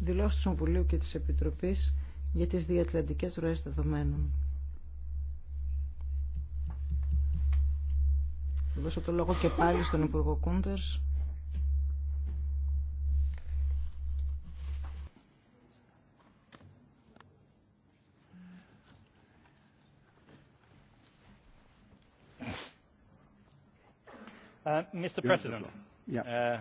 δηλώσει του Συμβουλίου και της Επιτροπής για τις διατλαντικές ροές δεδομένων. Θα δώσω το λόγο και πάλι στον Υπουργό Κούντερς. Uh, Mr. President, yeah. uh,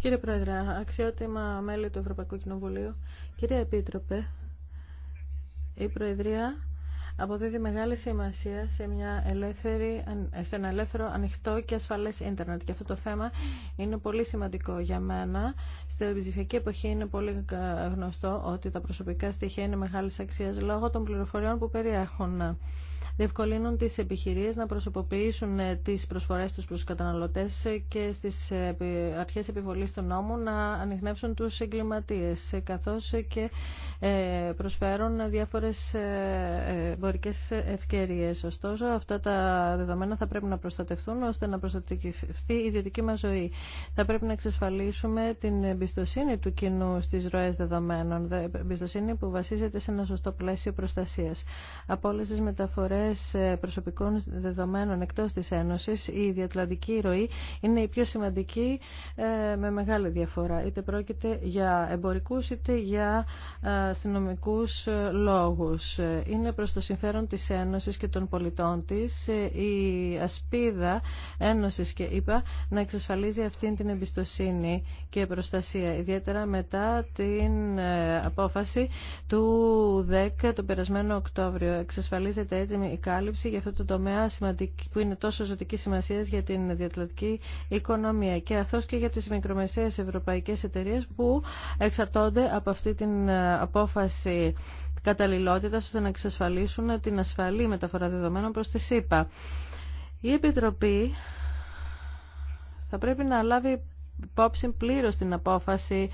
Κύριε Πρόεδρε, αξιότιμα μέλη του Ευρωπαϊκού Κοινοβουλίου, κύριε Επίτροπε, η Προεδρία αποδίδει μεγάλη σημασία σε, μια ελεύθερη, σε ένα ελεύθερο, ανοιχτό και ασφαλές ίντερνετ. Και αυτό το θέμα είναι πολύ σημαντικό για μένα. Στην ψηφιακή εποχή είναι πολύ γνωστό ότι τα προσωπικά στοιχεία είναι μεγάλης αξίας λόγω των πληροφοριών που περιέχουν διευκολύνουν τις επιχειρήσεις να προσωποποιήσουν ε, τις προσφορές τους προς καταναλωτές ε, και στις ε, αρχές επιβολής του νόμου να ανοιχνεύσουν τους εγκληματίες, καθώς και προσφέρουν διάφορες εμπορικές ευκαιρίες. Ωστόσο, αυτά τα δεδομένα θα πρέπει να προστατευτούν ώστε να προστατευτεί η ιδιωτική μας ζωή. Θα πρέπει να εξασφαλίσουμε την εμπιστοσύνη του κοινού στις ροές δεδομένων, εμπιστοσύνη που βασίζεται σε ένα σωστό πλαίσιο προστασίας. Από μεταφορές ε, προσωπικών δεδομένων εκτός της Ένωσης, η διατλαντική ροή είναι η πιο σημαντική ε, με μεγάλη διαφορά. Είτε πρόκειται για εμπορικούς είτε για ε, αστυνομικού λόγους. Είναι προς το συμφέρον της Ένωσης και των πολιτών της η ασπίδα Ένωσης και είπα να εξασφαλίζει αυτήν την εμπιστοσύνη και προστασία, ιδιαίτερα μετά την απόφαση του 10 τον περασμένο Οκτώβριο. Εξασφαλίζεται έτσι η κάλυψη για αυτό το τομέα που είναι τόσο ζωτική σημασία για την διατλατική οικονομία και αθώ και για τι μικρομεσαίες ευρωπαϊκέ εταιρείε που εξαρτώνται από αυτή την ε, απόφαση καταλληλότητα ώστε να εξασφαλίσουν την ασφαλή μεταφορά δεδομένων προ τη ΣΥΠΑ. Η Επιτροπή θα πρέπει να λάβει υπόψη πλήρω την απόφαση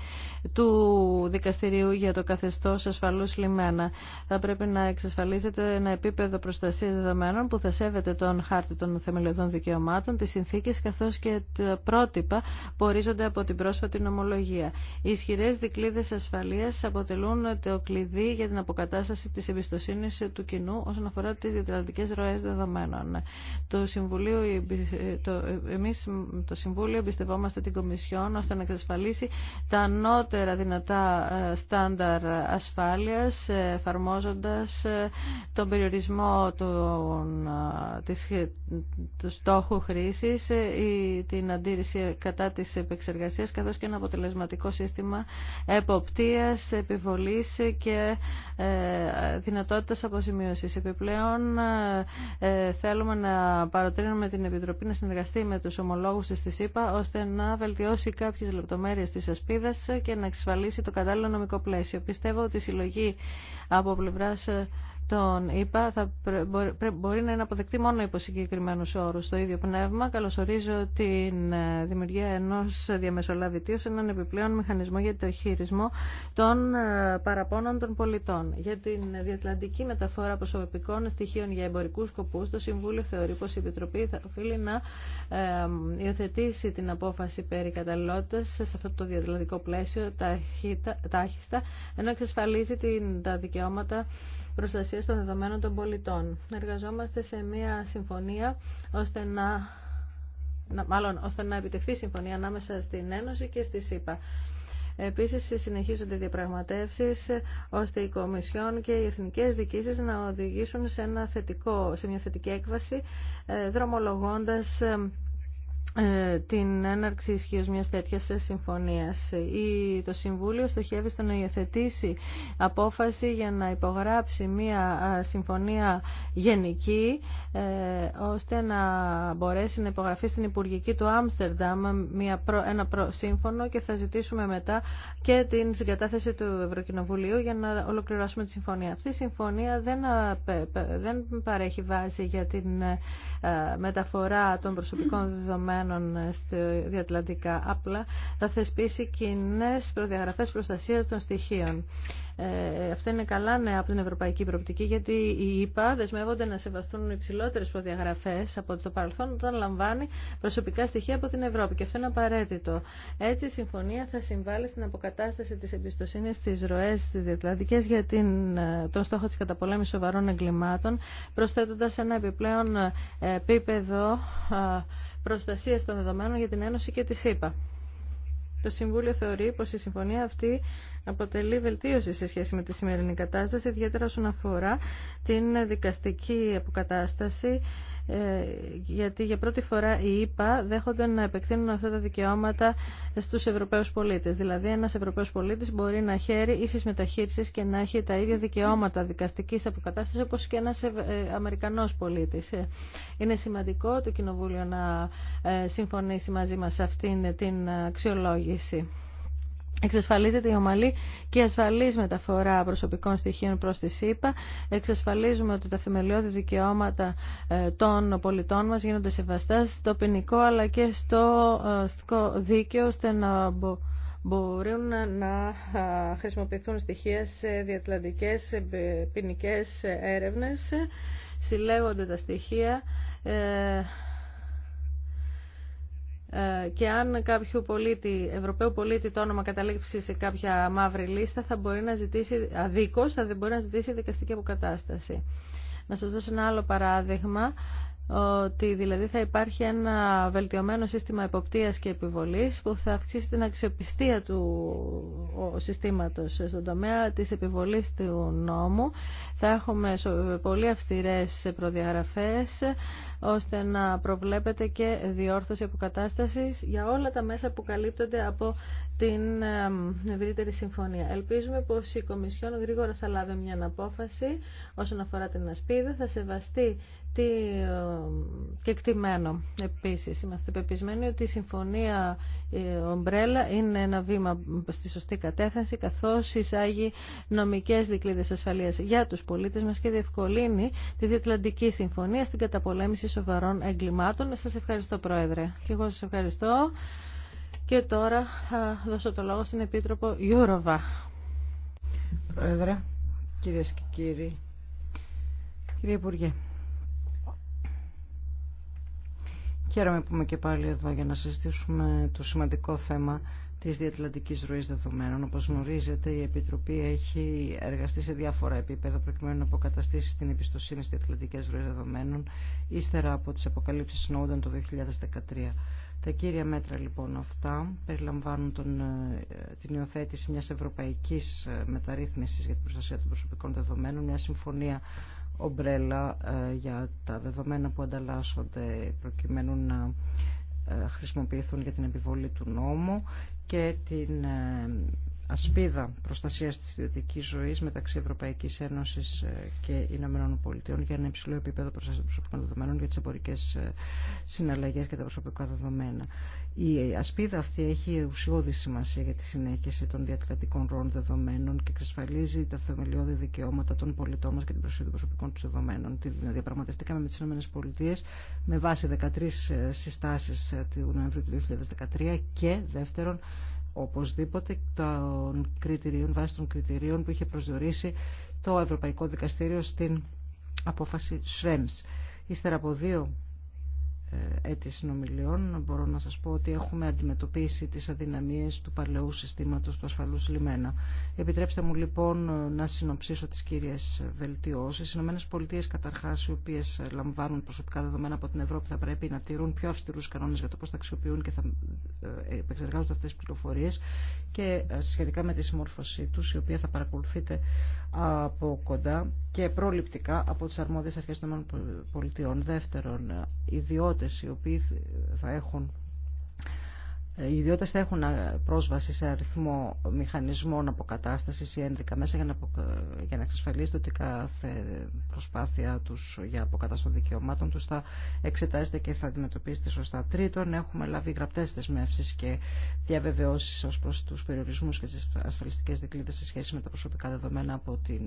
του δικαστηρίου για το καθεστώ ασφαλού λιμένα. Θα πρέπει να εξασφαλίζεται ένα επίπεδο προστασία δεδομένων που θα σέβεται τον χάρτη των θεμελιωδών δικαιωμάτων, τι συνθήκε καθώ και τα πρότυπα που ορίζονται από την πρόσφατη νομολογία. Οι ισχυρέ δικλείδε ασφαλεία αποτελούν το κλειδί για την αποκατάσταση τη εμπιστοσύνη του κοινού όσον αφορά τι διατλαντικέ ροέ δεδομένων. Το Συμβουλίο, το, εμείς, το Συμβούλιο εμπιστευόμαστε την Κομισιόν Κομισιόν ώστε να εξασφαλίσει τα ανώτερα δυνατά ε, στάνταρ ασφάλειας ε, εφαρμόζοντας ε, τον περιορισμό των, της, του στόχου χρήσης ή την αντίρρηση κατά της επεξεργασίας καθώς και ένα αποτελεσματικό σύστημα εποπτείας, επιβολής και δυνατότητας αποζημίωσης. Επιπλέον θέλουμε να παροτρύνουμε την Επιτροπή να συνεργαστεί με τους ομολόγους της ΣΥΠΑ ώστε να βελτιώσει βελτιώσει κάποιε λεπτομέρειε τη ασπίδα και να εξασφαλίσει το κατάλληλο νομικό πλαίσιο. Πιστεύω ότι η συλλογή από πλευρά τον είπα, θα μπορεί να είναι αποδεκτή μόνο υπό συγκεκριμένου όρου. Στο ίδιο πνεύμα, καλωσορίζω την ε, δημιουργία ενό διαμεσολαβητή, έναν επιπλέον μηχανισμό για το χειρισμό των ε, παραπώνων των πολιτών. Για την διατλαντική μεταφορά προσωπικών στοιχείων για εμπορικού σκοπού, το Συμβούλιο θεωρεί πω η Επιτροπή θα οφείλει να ε, υιοθετήσει την απόφαση περί καταλληλότητα σε αυτό το διατλαντικό πλαίσιο τάχιστα, ενώ εξασφαλίζει τα δικαιώματα Προστασία των δεδομένων των πολιτών. Εργαζόμαστε σε μια συμφωνία ώστε να, μάλλον, ώστε να επιτευχθεί συμφωνία ανάμεσα στην Ένωση και στη ΣΥΠΑ. Επίσης συνεχίζονται διαπραγματεύσεις ώστε οι Κομισιόν και οι εθνικές διοικήσεις να οδηγήσουν σε, ένα σε μια θετική έκβαση ε, δρομολογώντας ε, ε, την έναρξη ισχύω μια τέτοια συμφωνία. Το Συμβούλιο στοχεύει στο να υιοθετήσει απόφαση για να υπογράψει μια συμφωνία γενική, ε, ώστε να μπορέσει να υπογραφεί στην Υπουργική του Άμστερνταμ ένα σύμφωνο και θα ζητήσουμε μετά και την συγκατάθεση του Ευρωκοινοβουλίου για να ολοκληρώσουμε τη συμφωνία. Αυτή η συμφωνία δεν, δεν παρέχει βάση για την ε, μεταφορά των προσωπικών δεδομένων οργάνων στη διατλαντικά. Απλά θα θεσπίσει κοινέ προδιαγραφέ προστασία των στοιχείων. Ε, αυτό είναι καλά νέα από την ευρωπαϊκή προοπτική, γιατί οι ΙΠΑ δεσμεύονται να σεβαστούν υψηλότερε προδιαγραφέ από το παρελθόν όταν λαμβάνει προσωπικά στοιχεία από την Ευρώπη. Και αυτό είναι απαραίτητο. Έτσι, η συμφωνία θα συμβάλλει στην αποκατάσταση τη εμπιστοσύνη στι ροέ τη Διατλαντική για την, ε, τον στόχο τη καταπολέμηση σοβαρών εγκλημάτων, προσθέτοντα ένα επιπλέον ε, επίπεδο προστασία των δεδομένων για την Ένωση και τη ΣΥΠΑ. Το Συμβούλιο θεωρεί πως η συμφωνία αυτή αποτελεί βελτίωση σε σχέση με τη σημερινή κατάσταση, ιδιαίτερα όσον αφορά την δικαστική αποκατάσταση ε, γιατί για πρώτη φορά οι ΗΠΑ δέχονται να επεκτείνουν αυτά τα δικαιώματα στους Ευρωπαίους πολίτες. Δηλαδή ένας Ευρωπαίος πολίτης μπορεί να χαίρει ίσης μεταχείρισης και να έχει τα ίδια δικαιώματα δικαστικής αποκατάστασης όπως και ένας ε, Αμερικανός πολίτης. Ε, είναι σημαντικό το Κοινοβούλιο να συμφωνήσει μαζί μας αυτήν την αξιολόγηση. Εξασφαλίζεται η ομαλή και ασφαλή ασφαλής μεταφορά προσωπικών στοιχείων προς τη ΣΥΠΑ. Εξασφαλίζουμε ότι τα θεμελιώδη δικαιώματα ε, των πολιτών μας γίνονται σεβαστά στο ποινικό αλλά και στο ε, δίκαιο ώστε να μπορούν να χρησιμοποιηθούν στοιχεία σε διατλαντικές ποινικέ έρευνε, Συλλέγονται τα στοιχεία ε, ε, και αν κάποιο πολίτη, Ευρωπαίου πολίτη το όνομα καταλήξει σε κάποια μαύρη λίστα θα μπορεί να ζητήσει αδίκως, θα δεν μπορεί να ζητήσει δικαστική αποκατάσταση. Να σας δώσω ένα άλλο παράδειγμα ότι δηλαδή θα υπάρχει ένα βελτιωμένο σύστημα εποπτείας και επιβολής που θα αυξήσει την αξιοπιστία του συστήματος στον τομέα της επιβολής του νόμου. Θα έχουμε πολύ αυστηρές προδιαγραφές ώστε να προβλέπεται και διόρθωση αποκατάστασης για όλα τα μέσα που καλύπτονται από την ευρύτερη συμφωνία. Ελπίζουμε πως η Κομισιόν γρήγορα θα λάβει μια απόφαση όσον αφορά την ασπίδα, θα σεβαστεί τι εκτιμένο Επίσης, είμαστε πεπισμένοι ότι η συμφωνία ε, ομπρέλα είναι ένα βήμα στη σωστή κατεύθυνση, καθώς εισάγει νομικές δικλείδες ασφαλείας για τους πολίτες μας και διευκολύνει τη Διατλαντική Συμφωνία στην καταπολέμηση σοβαρών εγκλημάτων. Σας ευχαριστώ, Πρόεδρε. Και εγώ σας ευχαριστώ. Και τώρα θα δώσω το λόγο στην Επίτροπο Γιούροβα. Πρόεδρε, κυρίες και κύριοι, κύριε Υπουργέ, Χαίρομαι που είμαι και πάλι εδώ για να συζητήσουμε το σημαντικό θέμα της διατλαντικής ροή δεδομένων. Όπως γνωρίζετε, η Επιτροπή έχει εργαστεί σε διάφορα επίπεδα προκειμένου να αποκαταστήσει την εμπιστοσύνη στις διατλαντικές ροές δεδομένων ύστερα από τις αποκαλύψεις Snowden το 2013. Τα κύρια μέτρα λοιπόν αυτά περιλαμβάνουν τον, ε, την υιοθέτηση μιας ευρωπαϊκής ε, μεταρρύθμισης για την προστασία των προσωπικών δεδομένων, μια συμφωνία ομπρέλα ε, για τα δεδομένα που ανταλλάσσονται προκειμένου να ε, χρησιμοποιηθούν για την επιβολή του νόμου και την ε, ασπίδα προστασίας της ιδιωτικής ζωής μεταξύ Ευρωπαϊκής Ένωσης ε, και Ηνωμένων Πολιτειών για ένα υψηλό επίπεδο προστασίας των προσωπικών δεδομένων για τις εμπορικές ε, συναλλαγές και τα προσωπικά δεδομένα. Η ασπίδα αυτή έχει ουσιώδη σημασία για τη συνέχιση των διακρατικών ρόλων δεδομένων και εξασφαλίζει τα θεμελιώδη δικαιώματα των πολιτών μας και την προσοχή των προσωπικών του δεδομένων. Τη διαπραγματευτήκαμε με τις ΗΠΑ με βάση 13 ε, συστάσεις του Νοεμβρίου του 2013 και δεύτερον οπωσδήποτε των κριτηρίων, βάσει των κριτηρίων που είχε προσδιορίσει το Ευρωπαϊκό Δικαστήριο στην απόφαση Σρέμς. Ύστερα από δύο ε, έτη συνομιλιών μπορώ να σας πω ότι έχουμε αντιμετωπίσει τις αδυναμίες του παλαιού συστήματος του ασφαλούς λιμένα. Επιτρέψτε μου λοιπόν να συνοψίσω τις κύριες βελτιώσεις. Οι ΗΠΑ καταρχάς οι οποίες λαμβάνουν προσωπικά δεδομένα από την Ευρώπη θα πρέπει να τηρούν πιο αυστηρούς κανόνες για το πώς θα αξιοποιούν και θα ε, επεξεργάζονται αυτές τις πληροφορίες και ε, σχετικά με τη συμμόρφωσή τους η οποία θα παρακολουθείτε από κοντά και προληπτικά από τις αρμόδιες αρχές των ΗΠΑ. Δεύτερον, ιδιότητα εργοδότες οι οποίοι θα έχουν ε, οι ιδιώτε θα έχουν πρόσβαση σε αριθμό μηχανισμών αποκατάσταση ή ένδικα μέσα για να, για να εξασφαλίσετε ότι κάθε προσπάθεια του για αποκατάσταση των δικαιωμάτων Του θα εξετάζεται και θα αντιμετωπίσετε σωστά. Τρίτον, έχουμε λάβει γραπτέ δεσμεύσει και διαβεβαιώσεις ω προ του περιορισμού και τι ασφαλιστικέ δικλείδε σε σχέση με τα προσωπικά δεδομένα από την,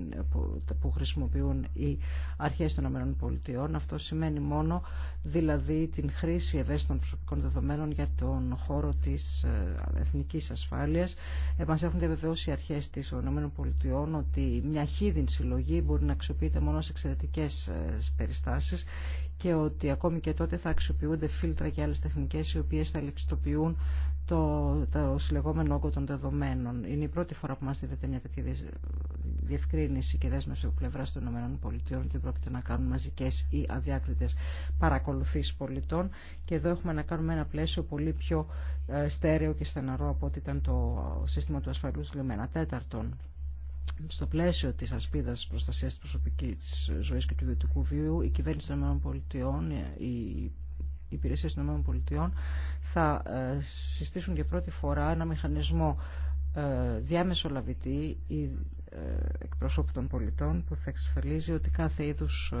που, χρησιμοποιούν οι αρχέ των ΗΠΑ. Αυτό σημαίνει μόνο δηλαδή την χρήση ευαίσθητων προσωπικών δεδομένων για τον χώρο της ε, εθνικής ασφάλειας. μας έχουν διαβεβαιώσει οι αρχές της ΟΠΑ ότι μια χίδιν συλλογή μπορεί να αξιοποιείται μόνο σε εξαιρετικές ε, περιστάσεις και ότι ακόμη και τότε θα αξιοποιούνται φίλτρα και άλλες τεχνικές οι οποίες θα λεξιτοποιούν το, το συλλεγόμενο όγκο των δεδομένων. Είναι η πρώτη φορά που μας δίδεται μια τέτοια διευκρίνηση και δέσμευση από πλευρά των ΗΠΑ ότι πρόκειται να κάνουν μαζικές ή αδιάκριτες παρακολουθήσεις πολιτών και εδώ έχουμε να κάνουμε ένα πλαίσιο πολύ πιο ε, στέρεο και στεναρό από ό,τι ήταν το σύστημα του ασφαλούς λιμένα. Τέταρτον, στο πλαίσιο της ασπίδας προστασίας της προσωπικής ζωής και του ιδιωτικού βίου, η κυβέρνηση των ΗΠΑ, η υπηρεσίες των ΗΠΑ θα ε, συστήσουν για πρώτη φορά ένα μηχανισμό ε, διαμεσολαβητή ή ε, εκπροσώπου των πολιτών που θα εξασφαλίζει ότι κάθε είδους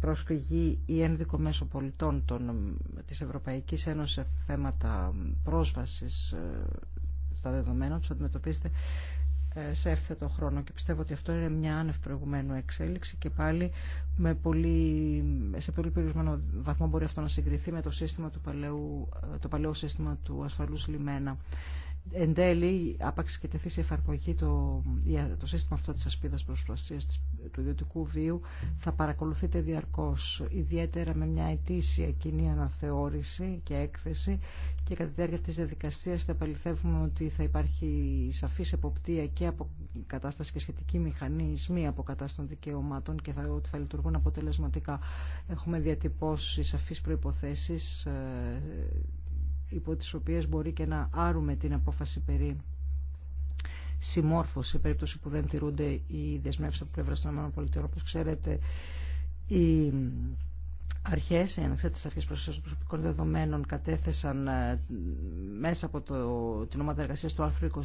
προσφυγή ή ένδικο μέσο πολιτών των, της Ευρωπαϊκής Ένωσης σε θέματα πρόσβασης στα δεδομένα τους αντιμετωπίζεται σε εύθετο χρόνο και πιστεύω ότι αυτό είναι μια άνευ προηγουμένου εξέλιξη και πάλι με πολύ, σε πολύ περιορισμένο βαθμό μπορεί αυτό να συγκριθεί με το, σύστημα του παλαιού, το παλαιό σύστημα του ασφαλούς λιμένα εν τέλει, άπαξ και τεθεί σε εφαρμογή το, το σύστημα αυτό της ασπίδας προσπλασίας του ιδιωτικού βίου, θα παρακολουθείτε διαρκώς, ιδιαίτερα με μια αιτήσια κοινή αναθεώρηση και έκθεση και κατά τη διάρκεια της διαδικασίας θα επαληθεύουμε ότι θα υπάρχει σαφής εποπτεία και από κατάσταση και σχετική μηχανισμοί από κατάσταση των δικαιωμάτων και θα, ότι θα λειτουργούν αποτελεσματικά. Έχουμε διατυπώσει σαφείς προϋποθέσεις ε, υπό τις οποίες μπορεί και να άρουμε την απόφαση περί συμμόρφωση, σε περίπτωση που δεν τηρούνται οι δεσμεύσεις από πλευρά των ΗΠΑ. Όπως ξέρετε, η αρχές, οι ανεξάρτητες αρχές προστασίας προσωπικών δεδομένων κατέθεσαν ε, μέσα από το, την ομάδα εργασίας του άρθρου 29,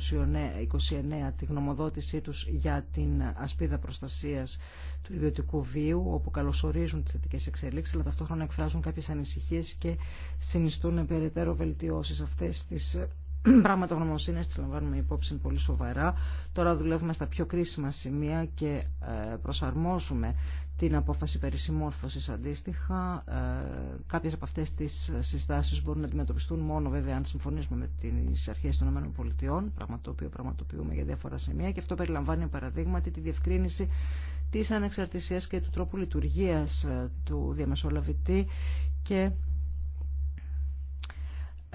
τη γνωμοδότησή τους για την ασπίδα προστασίας του ιδιωτικού βίου, όπου καλωσορίζουν τις θετικές εξελίξεις, αλλά ταυτόχρονα εκφράζουν κάποιες ανησυχίες και συνιστούν περαιτέρω βελτιώσεις αυτές τις πραγματογνωμοσύνες τις λαμβάνουμε υπόψη πολύ σοβαρά. Τώρα δουλεύουμε στα πιο κρίσιμα σημεία και ε, προσαρμόζουμε την απόφαση περί συμμόρφωσης αντίστοιχα. Ε, κάποιες από αυτές τις συστάσεις μπορούν να αντιμετωπιστούν μόνο βέβαια αν συμφωνήσουμε με τις αρχές των ΗΠΑ, πράγμα το οποίο πραγματοποιούμε για διάφορα σημεία και αυτό περιλαμβάνει παραδείγματι τη διευκρίνηση της ανεξαρτησίας και του τρόπου λειτουργίας ε, του διαμεσολαβητή και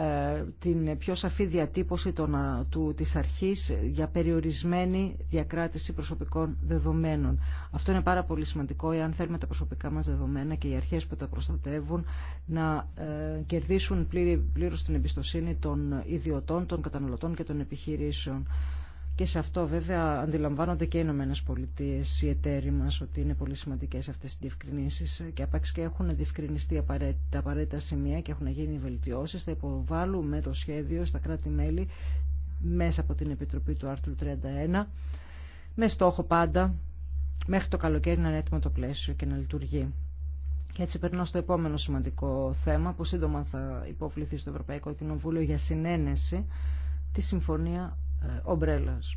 ε, την πιο σαφή διατύπωση των, του, της αρχής για περιορισμένη διακράτηση προσωπικών δεδομένων. Αυτό είναι πάρα πολύ σημαντικό εάν θέλουμε τα προσωπικά μας δεδομένα και οι αρχές που τα προστατεύουν να ε, κερδίσουν πλήρω πλήρως την εμπιστοσύνη των ιδιωτών, των καταναλωτών και των επιχειρήσεων. Και σε αυτό βέβαια αντιλαμβάνονται και οι Ηνωμένε Πολιτείε, οι εταίροι μα, ότι είναι πολύ σημαντικέ αυτέ οι διευκρινήσει. Και απαξ και έχουν διευκρινιστεί τα απαραίτητα σημεία και έχουν γίνει βελτιώσει. Θα υποβάλουμε το σχέδιο στα κράτη-μέλη μέσα από την Επιτροπή του άρθρου 31, με στόχο πάντα μέχρι το καλοκαίρι να είναι έτοιμο το πλαίσιο και να λειτουργεί. Και έτσι περνώ στο επόμενο σημαντικό θέμα που σύντομα θα υποβληθεί στο Ευρωπαϊκό Κοινοβούλιο για συνένεση τη Συμφωνία ε, ομπρέλας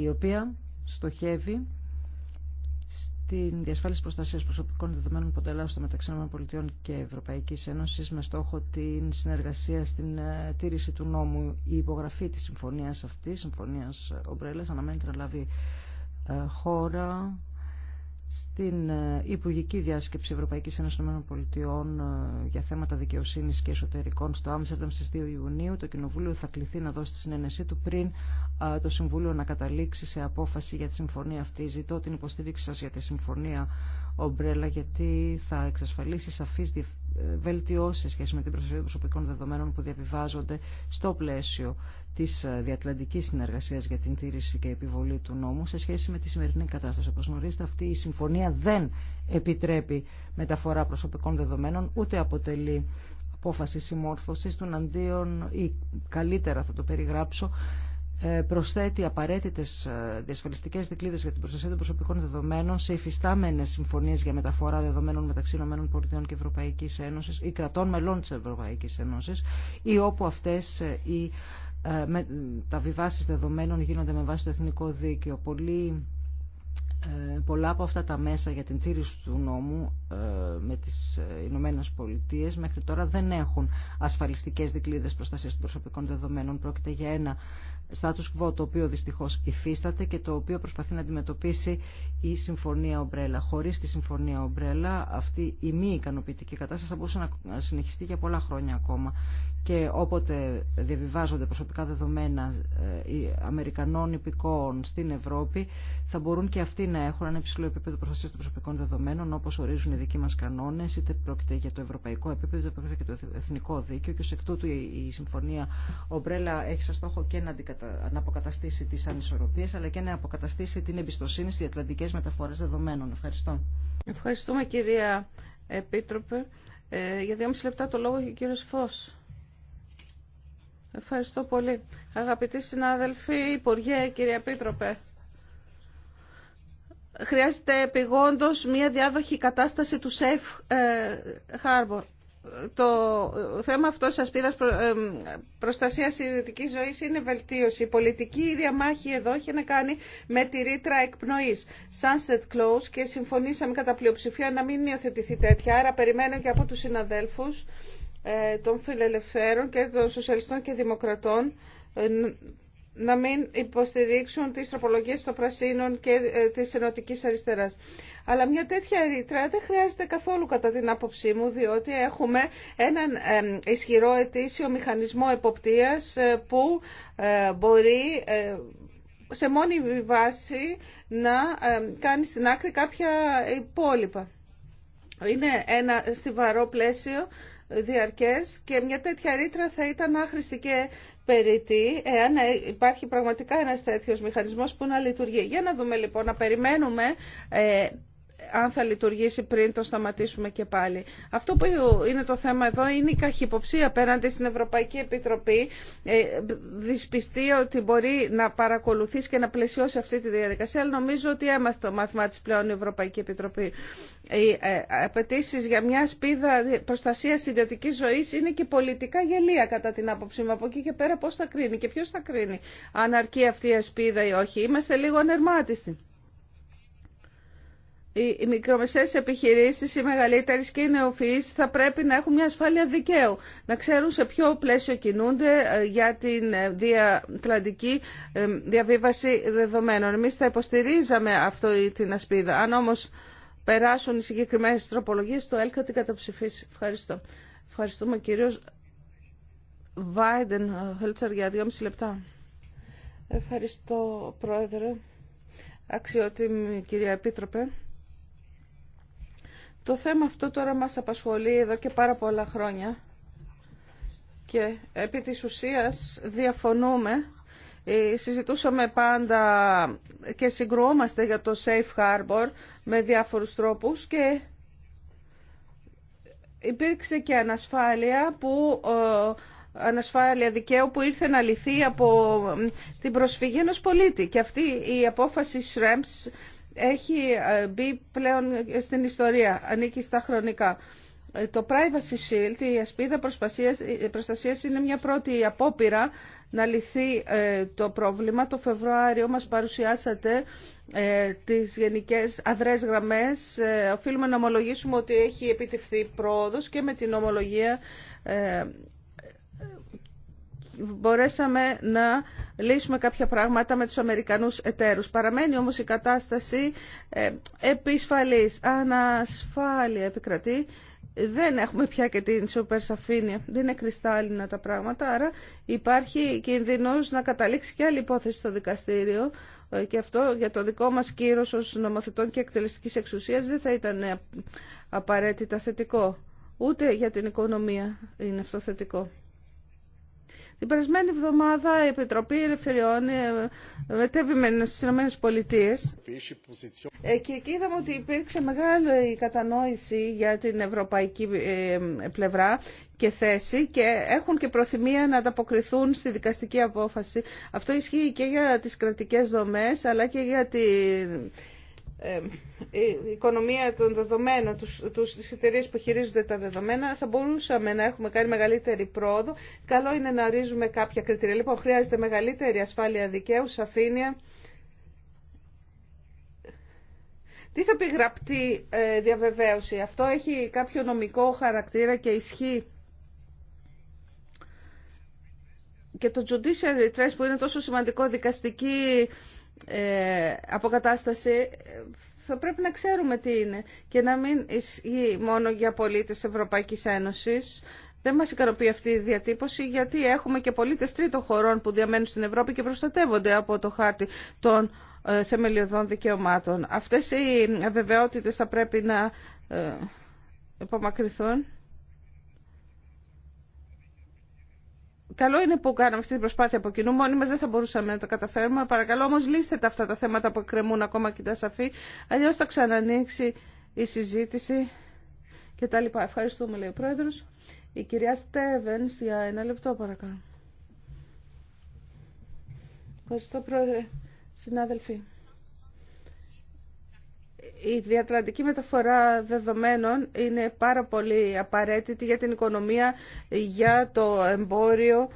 η οποία στοχεύει στην διασφάλιση προστασίας προσωπικών δεδομένων που στο μεταξύ ΗΠΑ και Ευρωπαϊκής Ένωσης με στόχο την συνεργασία στην ε, τήρηση του νόμου. Η υπογραφή της συμφωνίας αυτής, συμφωνίας ομπρέλας, αναμένεται να λάβει ε, χώρα στην ε, Υπουργική Διάσκεψη Ευρωπαϊκής Ένωση Πολιτειών ε, για θέματα δικαιοσύνης και εσωτερικών στο Άμστερνταμ στις 2 Ιουνίου. Το Κοινοβούλιο θα κληθεί να δώσει τη συνένεσή του πριν ε, το Συμβούλιο να καταλήξει σε απόφαση για τη συμφωνία αυτή. Ζητώ την υποστήριξη σας για τη συμφωνία Ομπρέλα γιατί θα εξασφαλίσει σαφείς βελτιώσει σε σχέση με την προστασία των προσωπικών δεδομένων που διαπιβάζονται στο πλαίσιο της ε, Διατλαντική συνεργασίας για την τήρηση και επιβολή του νόμου σε σχέση με τη σημερινή κατάσταση. Όπω γνωρίζετε αυτή η συμφωνία δεν επιτρέπει μεταφορά προσωπικών δεδομένων ούτε αποτελεί απόφαση συμμόρφωση των αντίων ή καλύτερα θα το περιγράψω ε, προσθέτει απαραίτητε διασφαλιστικέ δικλείδε για την προστασία των προσωπικών δεδομένων σε υφιστάμενε συμφωνίε για μεταφορά δεδομένων μεταξύ ΗΠΑ και Ευρωπαϊκή Ένωση ή κρατών μελών τη Ευρωπαϊκή Ένωση ή όπου αυτέ ε, οι ε, μεταβιβάσει δεδομένων γίνονται με βάση το εθνικό δίκαιο. Πολύ ε, πολλά από αυτά τα μέσα για την τήρηση του νόμου ε, με τις ε, Ηνωμένε Πολιτείε μέχρι τώρα δεν έχουν ασφαλιστικές δικλείδες προστασίας των προσωπικών δεδομένων. Πρόκειται για ένα status quo το οποίο δυστυχώς υφίσταται και το οποίο προσπαθεί να αντιμετωπίσει η Συμφωνία Ομπρέλα. Χωρίς τη Συμφωνία Ομπρέλα αυτή η μη ικανοποιητική κατάσταση θα μπορούσε να συνεχιστεί για πολλά χρόνια ακόμα και όποτε διαβιβάζονται προσωπικά δεδομένα ε, Αμερικανών υπηκόων στην Ευρώπη, θα μπορούν και αυτοί να έχουν ένα υψηλό επίπεδο προστασία των προσωπικών δεδομένων, όπω ορίζουν οι δικοί μα κανόνε, είτε πρόκειται για το ευρωπαϊκό επίπεδο, είτε πρόκειται για το εθνικό δίκαιο. Και ω εκ τούτου η συμφωνία Ομπρέλα έχει σαν στόχο και να, να αποκαταστήσει τι ανισορροπίε, αλλά και να αποκαταστήσει την εμπιστοσύνη στι διατλαντικέ μεταφορέ δεδομένων. Ευχαριστώ. Ευχαριστούμε κυρία Επίτροπε. Ε, για δύο λεπτά το λόγο έχει ο κύριο Φως. Ευχαριστώ πολύ. Αγαπητοί συνάδελφοι, Υπουργέ, κυρία Πίτροπε. Χρειάζεται επιγόντως μία διάδοχη κατάσταση του Safe ε, Harbor. Το θέμα αυτό σας ε, προστασίας ιδιωτικής ζωής είναι βελτίωση. Η πολιτική διαμάχη εδώ έχει να κάνει με τη ρήτρα εκπνοής. Sunset Close και συμφωνήσαμε κατά πλειοψηφία να μην υιοθετηθεί τέτοια, άρα περιμένω και από τους συναδέλφους ε, των φιλελευθέρων και των σοσιαλιστών και δημοκρατών ε, να μην υποστηρίξουν τις τροπολογίες των πρασίνων και ε, της ενωτικής αριστεράς. Αλλά μια τέτοια ρήτρα δεν χρειάζεται καθόλου κατά την άποψή μου, διότι έχουμε έναν ισχυρό ετήσιο μηχανισμό εποπτείας που μπορεί σε μόνη βάση να κάνει στην άκρη κάποια υπόλοιπα. Είναι ένα στιβαρό πλαίσιο διαρκές και μια τέτοια ρήτρα θα ήταν άχρηστη και περίτη εάν ε, υπάρχει πραγματικά ένας τέτοιος μηχανισμός που να λειτουργεί. Για να δούμε λοιπόν, να περιμένουμε ε, αν θα λειτουργήσει πριν το σταματήσουμε και πάλι. Αυτό που είναι το θέμα εδώ είναι η καχυποψία απέναντι στην Ευρωπαϊκή Επιτροπή. Ε, δυσπιστεί ότι μπορεί να παρακολουθήσει και να πλαισιώσει αυτή τη διαδικασία, αλλά νομίζω ότι έμαθε το μάθημά τη πλέον η Ευρωπαϊκή Επιτροπή. Οι ε, απαιτήσει για μια σπίδα προστασία ιδιωτική ζωή είναι και πολιτικά γελία κατά την άποψή μου. Από εκεί και πέρα πώ θα κρίνει και ποιο θα κρίνει αν αρκεί αυτή η ασπίδα ή όχι. Είμαστε λίγο ανερμάτιστοι οι μικρομεσαίες επιχειρήσεις, οι μεγαλύτερες και οι νεοφυείς θα πρέπει να έχουν μια ασφάλεια δικαίου, να ξέρουν σε ποιο πλαίσιο κινούνται ε, για την ε, διατλαντική ε, διαβίβαση δεδομένων. Εμείς θα υποστηρίζαμε αυτή την ασπίδα. Αν όμως περάσουν οι συγκεκριμένες τροπολογίες, το ΕΛΚΑ την καταψηφίσει. Ευχαριστώ. Ευχαριστούμε κύριος Βάιντεν Χέλτσαρ για δυόμιση λεπτά. Ευχαριστώ Πρόεδρε. Αξιότιμη κυρία Επίτροπε. Το θέμα αυτό τώρα μας απασχολεί εδώ και πάρα πολλά χρόνια και επί της ουσίας διαφωνούμε. Ε, συζητούσαμε πάντα και συγκρουόμαστε για το safe harbor με διάφορους τρόπους και υπήρξε και ανασφάλεια που ε, ανασφάλεια δικαίου που ήρθε να λυθεί από την προσφυγή ενός πολίτη. Και αυτή η απόφαση ΣΡΕΜΣ έχει ε, μπει πλέον στην ιστορία, ανήκει στα χρονικά. Ε, το Privacy Shield, η ασπίδα ε, προστασίας, είναι μια πρώτη απόπειρα να λυθεί το πρόβλημα. Το Φεβρουάριο μας παρουσιάσατε τις γενικές αδρές γραμμές. Οφείλουμε να ομολογήσουμε ότι έχει επιτευχθεί πρόοδος και με την ομολογία μπορέσαμε να λύσουμε κάποια πράγματα με τους Αμερικανούς εταίρους. Παραμένει όμως η κατάσταση ε, επισφαλής, ανασφάλεια επικρατεί. Δεν έχουμε πια και την σοπερσαφήνεια, δεν είναι κρυστάλλινα τα πράγματα, άρα υπάρχει κινδυνός να καταλήξει και άλλη υπόθεση στο δικαστήριο ε, και αυτό για το δικό μας κύρος ως νομοθετών και εκτελεστικής εξουσίας δεν θα ήταν ε, απαραίτητα θετικό. Ούτε για την οικονομία είναι αυτό θετικό. Την περασμένη εβδομάδα η Επιτροπή Ελευθεριών ε, μετέβημε στι ΗΠΑ και εκεί είδαμε ότι υπήρξε μεγάλη κατανόηση για την ευρωπαϊκή ε, πλευρά και θέση και έχουν και προθυμία να ανταποκριθούν στη δικαστική απόφαση. Αυτό ισχύει και για τις κρατικές δομές αλλά και για την ε, η οικονομία των δεδομένων, τις εταιρείε που χειρίζονται τα δεδομένα, θα μπορούσαμε να έχουμε κάνει μεγαλύτερη πρόοδο. Καλό είναι να ορίζουμε κάποια κριτήρια. Λοιπόν, χρειάζεται μεγαλύτερη ασφάλεια δικαίου, σαφήνεια. Τι θα πει γραπτή ε, διαβεβαίωση. Αυτό έχει κάποιο νομικό χαρακτήρα και ισχύει. Και το judicial redress που είναι τόσο σημαντικό δικαστική ε, αποκατάσταση θα πρέπει να ξέρουμε τι είναι και να μην ισχύει μόνο για πολίτες Ευρωπαϊκής Ένωσης. Δεν μας ικανοποιεί αυτή η διατύπωση γιατί έχουμε και πολίτες τρίτων χωρών που διαμένουν στην Ευρώπη και προστατεύονται από το χάρτη των ε, θεμελιωδών δικαιωμάτων. Αυτές οι βεβαιότητες θα πρέπει να ε, απομακρυθούν Καλό είναι που κάναμε αυτή την προσπάθεια από κοινού. Μόνοι μα δεν θα μπορούσαμε να τα καταφέρουμε. Παρακαλώ όμω λύστε τα αυτά τα θέματα που εκκρεμούν ακόμα και τα σαφή. Αλλιώ θα ξανανοίξει η συζήτηση κτλ. Ευχαριστούμε, λέει ο Πρόεδρο. Η κυρία Στέβεν για ένα λεπτό, παρακαλώ. Ευχαριστώ, Πρόεδρε. Συνάδελφοι η διατλαντική μεταφορά δεδομένων είναι πάρα πολύ απαραίτητη για την οικονομία, για το εμπόριο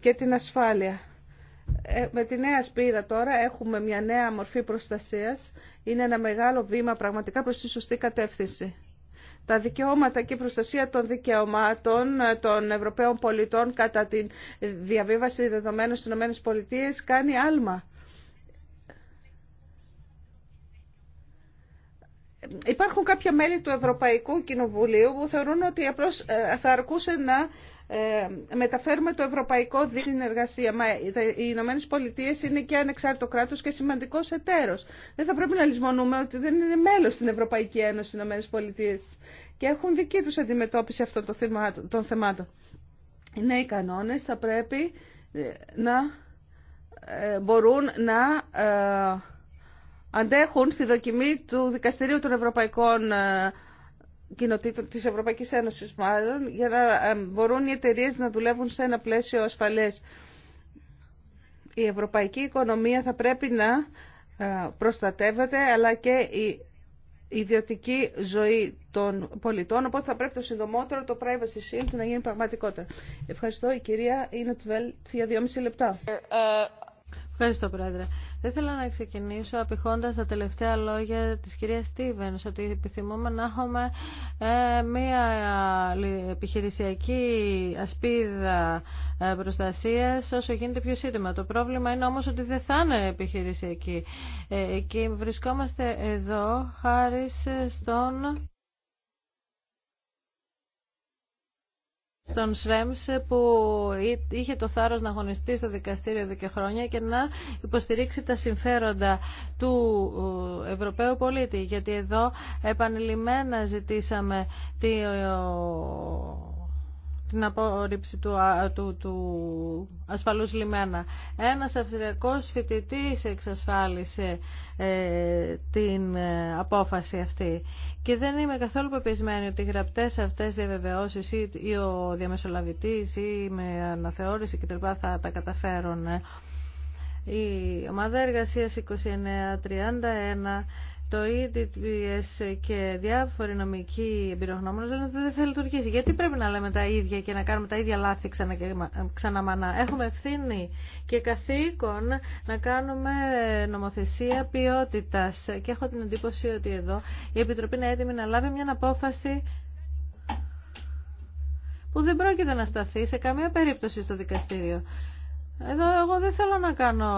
και την ασφάλεια. Ε, με τη νέα σπίδα τώρα έχουμε μια νέα μορφή προστασίας. Είναι ένα μεγάλο βήμα πραγματικά προς τη σωστή κατεύθυνση. Τα δικαιώματα και η προστασία των δικαιωμάτων των Ευρωπαίων πολιτών κατά τη διαβίβαση δεδομένων στις ΗΠΑ κάνει άλμα υπάρχουν κάποια μέλη του Ευρωπαϊκού Κοινοβουλίου που θεωρούν ότι απλώς ε, θα αρκούσε να ε, μεταφέρουμε το Ευρωπαϊκό δίκτυο συνεργασία. Μα οι Ηνωμένε Πολιτείε είναι και ανεξάρτητο κράτο και σημαντικό εταίρο. Δεν θα πρέπει να λησμονούμε ότι δεν είναι μέλο στην Ευρωπαϊκή Ένωση οι Ηνωμένε Πολιτείε και έχουν δική του αντιμετώπιση αυτών των θεμάτων. Οι νέοι κανόνε θα πρέπει ε, να μπορούν να αντέχουν στη δοκιμή του Δικαστηρίου των Ευρωπαϊκών ε, Κοινοτήτων της Ευρωπαϊκής Ένωσης μάλλον για να ε, μπορούν οι εταιρείε να δουλεύουν σε ένα πλαίσιο ασφαλές. Η ευρωπαϊκή οικονομία θα πρέπει να ε, προστατεύεται αλλά και η ιδιωτική ζωή των πολιτών, οπότε θα πρέπει το συντομότερο το Privacy Shield να γίνει πραγματικότητα. Ευχαριστώ. Η κυρία Βέλτ για δυόμιση λεπτά. Ευχαριστώ, Πρόεδρε. Δεν θέλω να ξεκινήσω απειχώντα τα τελευταία λόγια τη κυρία Στίβεν, ότι επιθυμούμε να έχουμε ε, μια ε, επιχειρησιακή ασπίδα ε, προστασία όσο γίνεται πιο σύντομα. Το πρόβλημα είναι όμω ότι δεν θα είναι επιχειρησιακή. και βρισκόμαστε εδώ χάρη στον στον Σρέμσε που είχε το θάρρος να αγωνιστεί στο δικαστήριο εδώ και χρόνια και να υποστηρίξει τα συμφέροντα του Ευρωπαίου πολίτη. Γιατί εδώ επανειλημμένα ζητήσαμε την απόρριψη του, του, του ασφαλούς λιμένα. Ένας αυστριακός φοιτητής εξασφάλισε ε, την ε, απόφαση αυτή. Και δεν είμαι καθόλου πεπισμένη ότι οι γραπτές αυτές διαβεβαιώσεις ή, ή ο διαμεσολαβητής ή με αναθεώρηση κτλ. θα τα καταφέρουν. Η ομάδα εργασίας το EDPS και διάφοροι νομικοί εμπειρογνώμονε λένε ότι δεν θα λειτουργήσει. Γιατί πρέπει να λέμε τα ίδια και να κάνουμε τα ίδια λάθη ξανα και ξαναμανά. Έχουμε ευθύνη και καθήκον να κάνουμε νομοθεσία ποιότητα Και έχω την εντύπωση ότι εδώ η Επιτροπή είναι έτοιμη να λάβει μια απόφαση που δεν πρόκειται να σταθεί σε καμία περίπτωση στο δικαστήριο. Εδώ εγώ δεν θέλω να κάνω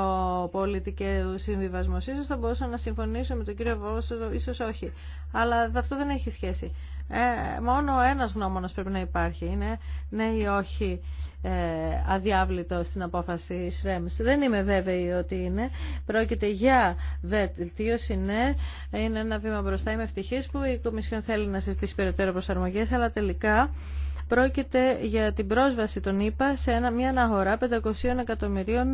πολιτικέ συμβιβασμό. σω θα μπορούσα να συμφωνήσω με τον κύριο Βόλσο, ίσως όχι. Αλλά αυτό δεν έχει σχέση. Ε, μόνο ένας γνώμονας πρέπει να υπάρχει. Είναι ναι ή όχι ε, αδιάβλητο στην απόφαση ΣΡΕΜ. Δεν είμαι βέβαιη ότι είναι. Πρόκειται για βελτίωση, ναι. Είναι ένα βήμα μπροστά. Είμαι ευτυχή που η Κομισιόν θέλει να συζητήσει περαιτέρω προσαρμογέ, αλλά τελικά Πρόκειται για την πρόσβαση των ΗΠΑ σε μια αγορά 500 εκατομμυρίων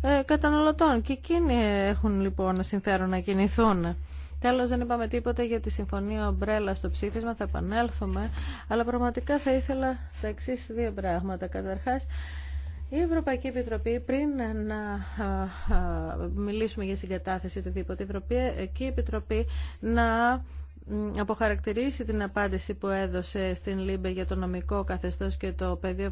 ε, καταναλωτών και εκείνοι έχουν λοιπόν συμφέρον να κινηθούν. Τέλο, δεν είπαμε τίποτα για τη συμφωνία ομπρέλα στο ψήφισμα, θα επανέλθουμε, αλλά πραγματικά θα ήθελα τα εξή δύο πράγματα. Καταρχά, η Ευρωπαϊκή Επιτροπή, πριν να μιλήσουμε για συγκατάθεση οτιδήποτε, η Ευρωπαϊκή Επιτροπή να αποχαρακτηρίσει την απάντηση που έδωσε στην ΛΥΜΠΕ για το νομικό καθεστώς και το, πεδίο,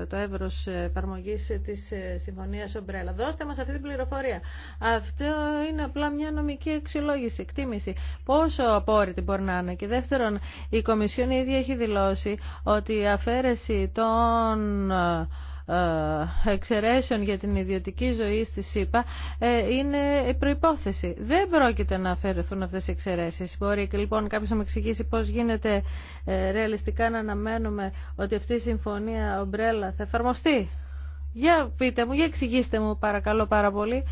ε, το εύρος εφαρμογή της ε, Συμφωνίας Ομπρέλα. Δώστε μας αυτή την πληροφορία. Αυτό είναι απλά μια νομική αξιολόγηση, εκτίμηση. Πόσο απόρριτη μπορεί να είναι. Και δεύτερον, η Κομισιόν ίδια έχει δηλώσει ότι η αφαίρεση των ε, ε, εξαιρέσεων για την ιδιωτική ζωή στη ΣΥΠΑ ε, είναι προϋπόθεση. Δεν πρόκειται να αφαιρεθούν αυτές οι εξαιρέσεις. Μπορεί λοιπόν κάποιος να με εξηγήσει πώς γίνεται ε, ρεαλιστικά να αναμένουμε ότι αυτή η συμφωνία ομπρέλα θα εφαρμοστεί. Για πείτε μου, για εξηγήστε μου παρακαλώ πάρα πολύ.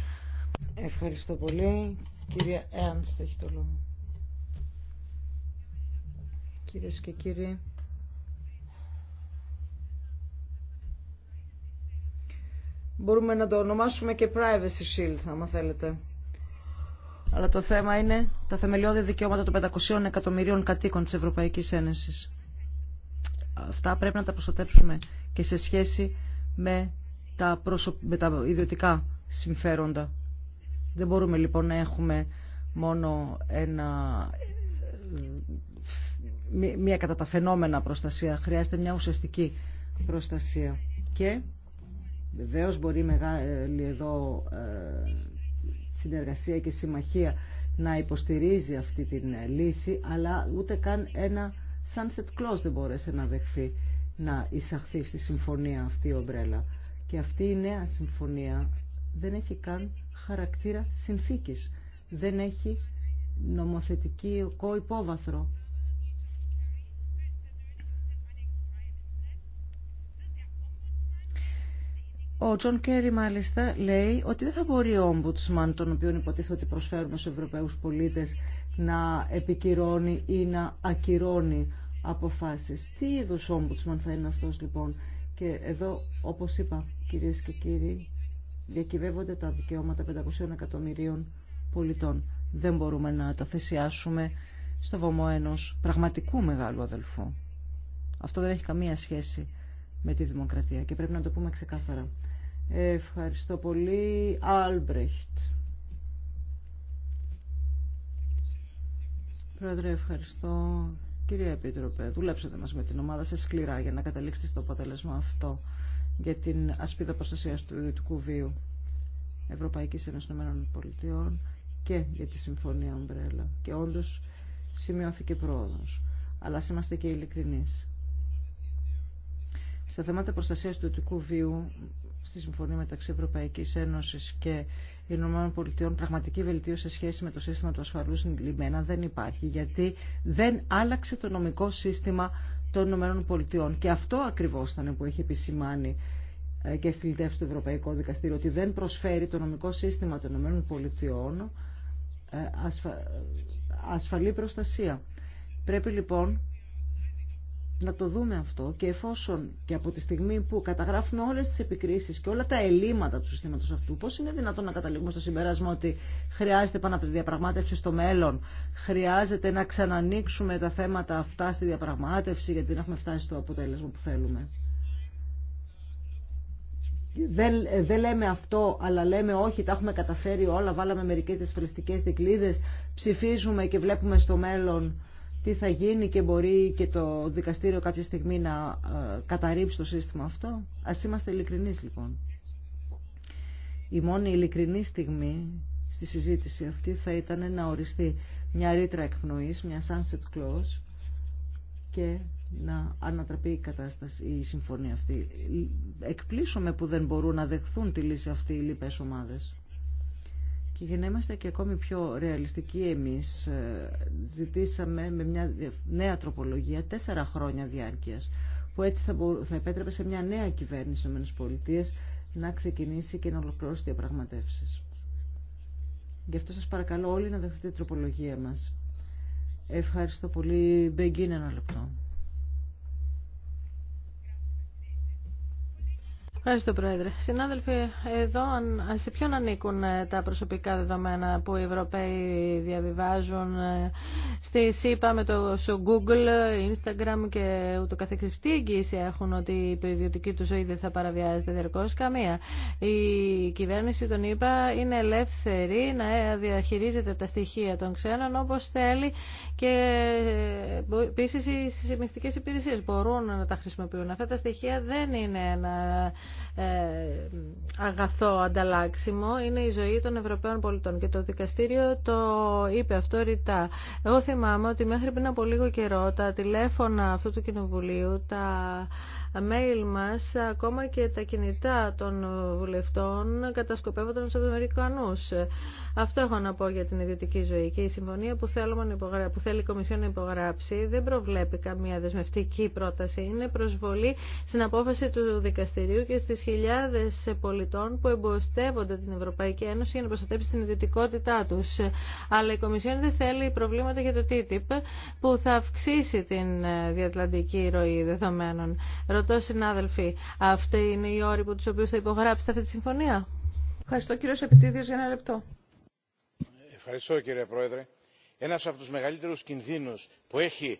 Ευχαριστώ πολύ. Κυρία Εάνστα έχει το λόγο. Κυρίες και κύριοι. Μπορούμε να το ονομάσουμε και privacy shield, άμα θέλετε. Αλλά το θέμα είναι τα θεμελιώδη δικαιώματα των 500 εκατομμυρίων κατοίκων της Ευρωπαϊκής Ένωσης. Αυτά πρέπει να τα προστατέψουμε και σε σχέση με τα, προσω... με τα ιδιωτικά συμφέροντα. Δεν μπορούμε λοιπόν να έχουμε μόνο ένα... Ε, μία κατά τα φαινόμενα προστασία. Χρειάζεται μια ουσιαστική προστασία. Και Βεβαίω μπορεί μεγάλη εδώ ε, συνεργασία και συμμαχία να υποστηρίζει αυτή την ε, λύση, αλλά ούτε καν ένα sunset clause δεν μπόρεσε να δεχθεί να εισαχθεί στη συμφωνία αυτή η ομπρέλα. Και αυτή η νέα συμφωνία δεν έχει καν χαρακτήρα συνθήκης. Δεν έχει νομοθετικό υπόβαθρο. Ο Τζον Κέρι μάλιστα λέει ότι δεν θα μπορεί ο Ombudsman, τον οποίο υποτίθεται ότι προσφέρουμε στους Ευρωπαίους πολίτες, να επικυρώνει ή να ακυρώνει αποφάσεις. Τι είδους Ombudsman θα είναι αυτός λοιπόν. Και εδώ, όπως είπα, κυρίες και κύριοι, διακυβεύονται τα δικαιώματα 500 εκατομμυρίων πολιτών. Δεν μπορούμε να τα θεσιάσουμε στο βωμό ενός πραγματικού μεγάλου αδελφού. Αυτό δεν έχει καμία σχέση με τη δημοκρατία και πρέπει να το πούμε ξεκάθαρα. Ευχαριστώ πολύ. Άλμπρεχτ. Πρόεδρε, ευχαριστώ. κύριε Επίτροπε, δουλέψατε μας με την ομάδα σας σκληρά για να καταλήξετε στο αποτέλεσμα αυτό για την ασπίδα προστασίας του ιδιωτικού βίου Ευρωπαϊκής Ένωσης Πολιτειών και για τη Συμφωνία Ομπρέλα. Και όντως σημειώθηκε πρόοδος. Αλλά είμαστε και ειλικρινείς. Στα θέματα προστασίας του ιδιωτικού βίου στη συμφωνία μεταξύ Ευρωπαϊκή Ένωση και Ηνωμένων Πολιτειών πραγματική βελτίωση σε σχέση με το σύστημα του ασφαλού λιμένα δεν υπάρχει γιατί δεν άλλαξε το νομικό σύστημα των Ηνωμένων Πολιτειών και αυτό ακριβώ ήταν που έχει επισημάνει ε, και στη λιτεύση του Ευρωπαϊκού Δικαστήριου ότι δεν προσφέρει το νομικό σύστημα των Ηνωμένων Πολιτειών ε, ε, ασφαλή προστασία. Πρέπει λοιπόν να το δούμε αυτό και εφόσον και από τη στιγμή που καταγράφουμε όλες τις επικρίσεις και όλα τα ελλείμματα του συστήματος αυτού, πώς είναι δυνατόν να καταλήγουμε στο συμπέρασμα ότι χρειάζεται πάνω από τη διαπραγμάτευση στο μέλλον, χρειάζεται να ξανανοίξουμε τα θέματα αυτά στη διαπραγμάτευση γιατί δεν έχουμε φτάσει στο αποτέλεσμα που θέλουμε. Δεν, λέμε αυτό, αλλά λέμε όχι, τα έχουμε καταφέρει όλα, βάλαμε μερικές δυσφαλιστικές δικλείδες, ψηφίζουμε και βλέπουμε στο μέλλον τι θα γίνει και μπορεί και το δικαστήριο κάποια στιγμή να ε, καταρρύψει το σύστημα αυτό. Ας είμαστε ειλικρινείς λοιπόν. Η μόνη ειλικρινή στιγμή στη συζήτηση αυτή θα ήταν να οριστεί μια ρήτρα εκπνοής, μια sunset clause και να ανατραπεί η κατάσταση, η συμφωνία αυτή. με που δεν μπορούν να δεχθούν τη λύση αυτή οι λοιπές ομάδες. Και για να είμαστε και ακόμη πιο ρεαλιστικοί εμείς, ε, ζητήσαμε με μια νέα τροπολογία τέσσερα χρόνια διάρκειας, που έτσι θα, θα επέτρεπε σε μια νέα κυβέρνηση ΗΠΑ να ξεκινήσει και να ολοκληρώσει διαπραγματεύσεις. Γι' αυτό σας παρακαλώ όλοι να δεχτείτε την τροπολογία μας. Ευχαριστώ πολύ. Μπέγκιν ένα λεπτό. Ευχαριστώ, Πρόεδρε. Συνάδελφοι, εδώ σε ποιον ανήκουν ε, τα προσωπικά δεδομένα που οι Ευρωπαίοι διαβιβάζουν ε, στη ΣΥΠΑ με το στο Google, Instagram και ούτω καθεξής. Τι εγγύηση έχουν ότι η περιοδική του ζωή δεν θα παραβιάζεται διαρκώ καμία. Η κυβέρνηση των ΗΠΑ είναι ελεύθερη να ε, διαχειρίζεται τα στοιχεία των ξένων όπως θέλει και επίση οι μυστικές υπηρεσίες μπορούν να τα χρησιμοποιούν. Αυτά τα στοιχεία δεν είναι ένα ε, αγαθό ανταλλάξιμο είναι η ζωή των Ευρωπαίων πολιτών και το δικαστήριο το είπε αυτό ρητά. Εγώ θυμάμαι ότι μέχρι πριν από λίγο καιρό τα τηλέφωνα αυτού του κοινοβουλίου τα mail μας, ακόμα και τα κινητά των βουλευτών κατασκοπεύονταν στους Αμερικανούς. Αυτό έχω να πω για την ιδιωτική ζωή και η συμφωνία που, θέλουμε να υπογρα... που θέλει η Κομισιόν να υπογράψει δεν προβλέπει καμία δεσμευτική πρόταση. Είναι προσβολή στην απόφαση του δικαστηρίου και στις χιλιάδες πολιτών που εμποστεύονται την Ευρωπαϊκή Ένωση για να προστατέψει την ιδιωτικότητά τους. Αλλά η Κομισιόν δεν θέλει προβλήματα για το TTIP που θα αυξήσει την ε, διατλαντική ροή δεδομένων. Ρωτώ, συνάδελφοι, αυτή είναι η όρη που του οποίου θα υπογράψετε αυτή τη συμφωνία. Ευχαριστώ κύριο Επιτίδιος για ένα λεπτό. Ευχαριστώ κύριε Πρόεδρε. Ένα από του μεγαλύτερου κινδύνου που έχει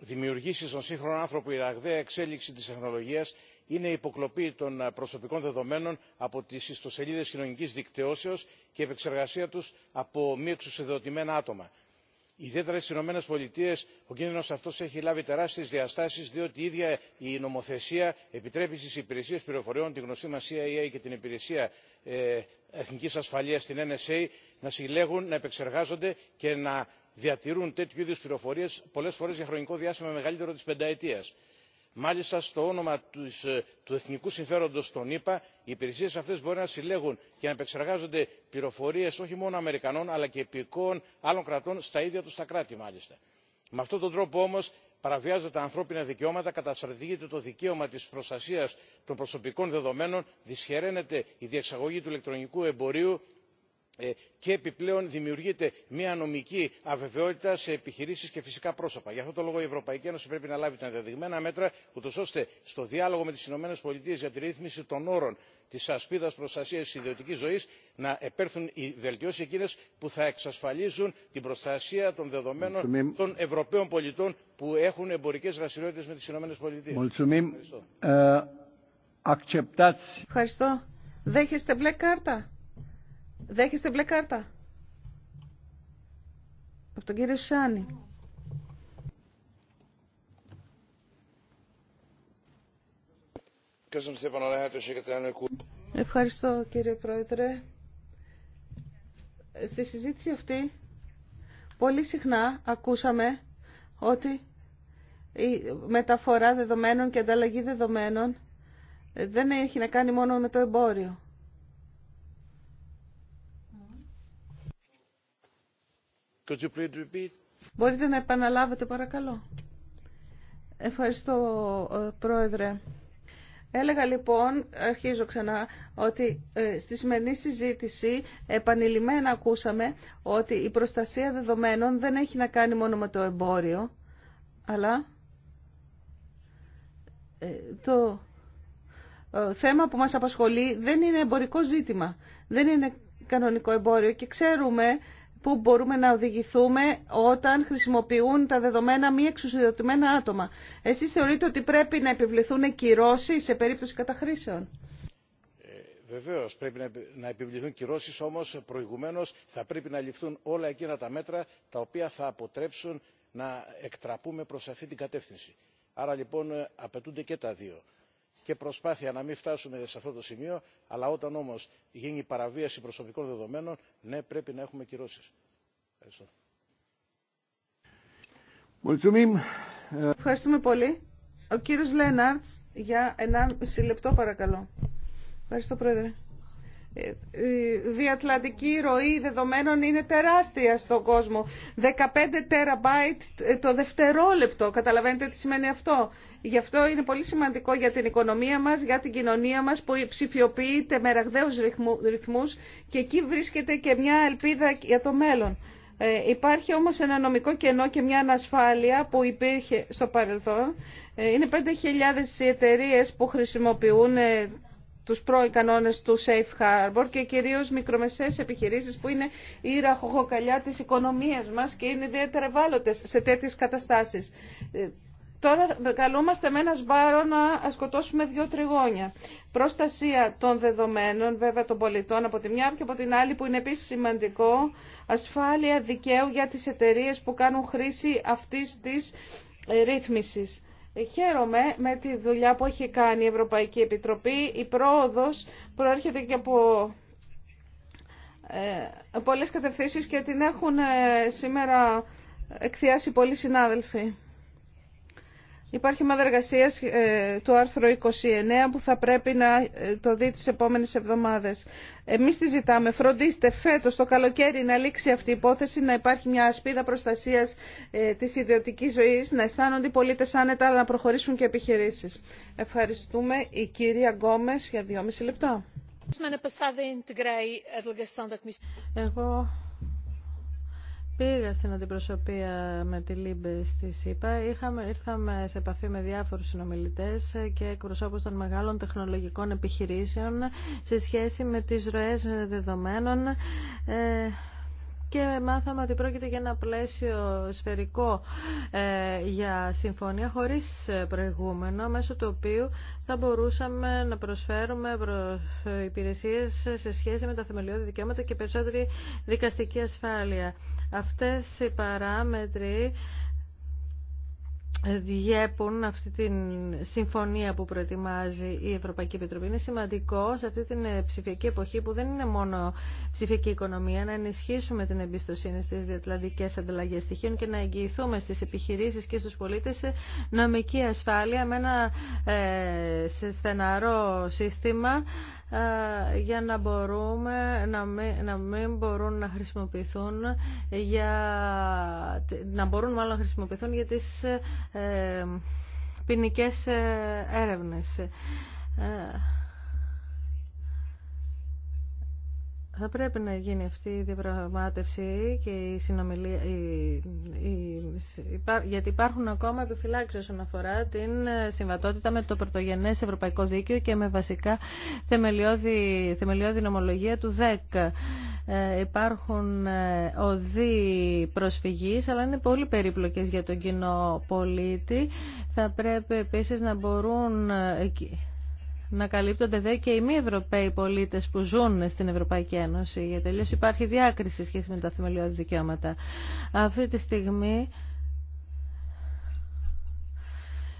δημιουργήσει στον σύγχρονο άνθρωπο η ραγδαία εξέλιξη τη τεχνολογία είναι η υποκλοπή των προσωπικών δεδομένων από τι ιστοσελίδε κοινωνική δικτυώσεω και η επεξεργασία του από μη εξουσιοδοτημένα άτομα ιδιαίτερα στι ηνωμένε πολιτείε ο κίνδυνο αυτό έχει λάβει τεράστιε διαστάσει διότι η ίδια η νομοθεσία επιτρέπει στι υπηρεσίε πληροφοριών τη γνωστή μα cia και την υπηρεσία ε, εθνική ασφαλεία την nsa να συλλέγουν να επεξεργάζονται και να διατηρούν τέτοιου είδου πληροφορίε πολλέ φορέ για χρονικό διάστημα μεγαλύτερο τη πενταετία μάλιστα στο όνομα ε, του εθνικού συμφέροντος των ηπα οι υπηρεσίες αυτές μπορεί να συλλέγουν και να επεξεργάζονται πληροφορίες όχι μόνο αμερικανών αλλά και υπηκόων άλλων κρατών στα ίδια τους τα κράτη μάλιστα. με αυτόν τον τρόπο όμως παραβιάζονται τα ανθρώπινα δικαιώματα καταστρατηγείται το δικαίωμα της προστασίας των προσωπικών δεδομένων δυσχεραίνεται η διεξαγωγή του ηλεκτρονικού εμπορίου ε, και επιπλέον δημιουργείται μια νομική αβεβαιότητα σε επιχειρήσει και φυσικά πρόσωπα. γι' αυτό το λόγο η ευρωπαϊκή ένωση πρέπει να λάβει τα ενδεδειγμένα μέτρα ούτω ώστε στο διάλογο με τι ΗΠΑ για τη ρύθμιση των όρων τη ασπίδα προστασία τη ιδιωτικής ζωής να επέρθουν οι βελτιώσει εκείνες που θα εξασφαλίζουν την προστασία των δεδομένων των ευρωπαίων πολιτών που έχουν εμπορικέ δραστηριότητε με τις ΗΠΑ. Πολιτείε. Δέχεστε μπλε κάρτα. Από τον κύριο Σάνι. Ευχαριστώ κύριε Πρόεδρε. Στη συζήτηση αυτή πολύ συχνά ακούσαμε ότι η μεταφορά δεδομένων και ανταλλαγή δεδομένων δεν έχει να κάνει μόνο με το εμπόριο. Μπορείτε να επαναλάβετε παρακαλώ. Ευχαριστώ ε, Πρόεδρε. Έλεγα λοιπόν, αρχίζω ξανά, ότι ε, στη σημερινή συζήτηση επανειλημμένα ακούσαμε ότι η προστασία δεδομένων δεν έχει να κάνει μόνο με το εμπόριο, αλλά ε, το θέμα που μας απασχολεί δεν είναι εμπορικό ζήτημα, δεν είναι κανονικό εμπόριο και ξέρουμε που μπορούμε να οδηγηθούμε όταν χρησιμοποιούν τα δεδομένα μη εξουσιοδοτημένα άτομα. Εσείς θεωρείτε ότι πρέπει να επιβληθούν κυρώσεις σε περίπτωση καταχρήσεων. Ε, Βεβαίω, πρέπει να επιβληθούν κυρώσει, όμω προηγουμένω θα πρέπει να ληφθούν όλα εκείνα τα μέτρα τα οποία θα αποτρέψουν να εκτραπούμε προ αυτή την κατεύθυνση. Άρα λοιπόν ε, απαιτούνται και τα δύο και προσπάθεια να μην φτάσουμε σε αυτό το σημείο αλλά όταν όμως γίνει παραβίαση προσωπικών δεδομένων ναι πρέπει να έχουμε κυρώσεις. Ευχαριστώ. Ευχαριστούμε πολύ. Ο κύριος Λέναρτς για μισή λεπτό παρακαλώ. Ευχαριστώ πρόεδρε διατλαντική ροή δεδομένων είναι τεράστια στον κόσμο. 15 τεραμπάιτ το δευτερόλεπτο. Καταλαβαίνετε τι σημαίνει αυτό. Γι' αυτό είναι πολύ σημαντικό για την οικονομία μας, για την κοινωνία μας που ψηφιοποιείται με ραγδαίους ρυθμούς και εκεί βρίσκεται και μια ελπίδα για το μέλλον. Ε, υπάρχει όμως ένα νομικό κενό και μια ανασφάλεια που υπήρχε στο παρελθόν. Ε, είναι 5.000 εταιρείε που χρησιμοποιούν ε, τους πρώοι του Safe Harbor και κυρίως μικρομεσαίες επιχειρήσεις που είναι η ραχοκοκαλιά της οικονομίας μας και είναι ιδιαίτερα ευάλωτες σε τέτοιες καταστάσεις. Ε, τώρα καλούμαστε με ένα σπάρο να σκοτώσουμε δύο τριγώνια. Προστασία των δεδομένων, βέβαια των πολιτών από τη μια και από την άλλη που είναι επίσης σημαντικό, ασφάλεια δικαίου για τις εταιρείες που κάνουν χρήση αυτής της ε, ρύθμισης. Χαίρομαι με τη δουλειά που έχει κάνει η Ευρωπαϊκή Επιτροπή. Η πρόοδος προέρχεται και από ε, πολλές κατευθύνσεις και την έχουν ε, σήμερα εκθιάσει πολλοί συνάδελφοι. Υπάρχει ομάδα εργασία ε, του άρθρου 29 που θα πρέπει να ε, το δει τι επόμενες εβδομάδες. Εμείς τη ζητάμε. Φροντίστε φέτος το καλοκαίρι να λήξει αυτή η υπόθεση, να υπάρχει μια ασπίδα προστασίας ε, της ιδιωτικής ζωής, να αισθάνονται οι πολίτες άνετα, αλλά να προχωρήσουν και επιχειρήσεις. Ευχαριστούμε η κυρία Γκόμε για δυόμιση λεπτά. Πήγα στην αντιπροσωπεία με τη Λίμπε στη ΣΥΠΑ. Είχαμε, ήρθαμε σε επαφή με διάφορους συνομιλητές και εκπροσώπους των μεγάλων τεχνολογικών επιχειρήσεων σε σχέση με τις ροές δεδομένων ε, και μάθαμε ότι πρόκειται για ένα πλαίσιο σφαιρικό ε, για συμφωνία χωρίς ε, προηγούμενο, μέσω του οποίου θα μπορούσαμε να προσφέρουμε υπηρεσίες σε σχέση με τα θεμελιώδη δικαιώματα και περισσότερη δικαστική ασφάλεια. Αυτές οι παράμετροι διέπουν αυτή τη συμφωνία που προετοιμάζει η Ευρωπαϊκή Επιτροπή. Είναι σημαντικό σε αυτή την ε, ψηφιακή εποχή που δεν είναι μόνο ψηφιακή οικονομία να ενισχύσουμε την εμπιστοσύνη στις διατλαντικές ανταλλαγές στοιχείων και να εγγυηθούμε στις επιχειρήσεις και στους πολίτες ε, νομική ασφάλεια με ένα ε, στεναρό σύστημα για να να μην, να μπορούν να χρησιμοποιηθούν για να μπορούν μάλλον να χρησιμοποιηθούν για τις ε, ποινικές ε, έρευνες. Ε, Θα πρέπει να γίνει αυτή η διαπραγμάτευση και η συνομιλία, η, η, γιατί υπάρχουν ακόμα επιφυλάξεις όσον αφορά την συμβατότητα με το πρωτογενές ευρωπαϊκό δίκαιο και με βασικά θεμελιώδη, θεμελιώδη νομολογία του ΔΕΚ. Ε, υπάρχουν ε, οδοί προσφυγής, αλλά είναι πολύ περίπλοκες για τον κοινό πολίτη. Θα πρέπει επίσης να μπορούν... Ε, να καλύπτονται δε και οι μη Ευρωπαίοι πολίτε που ζουν στην Ευρωπαϊκή Ένωση. Για τελείω υπάρχει διάκριση σχέση με τα θεμελιώδη δικαιώματα. Αυτή τη στιγμή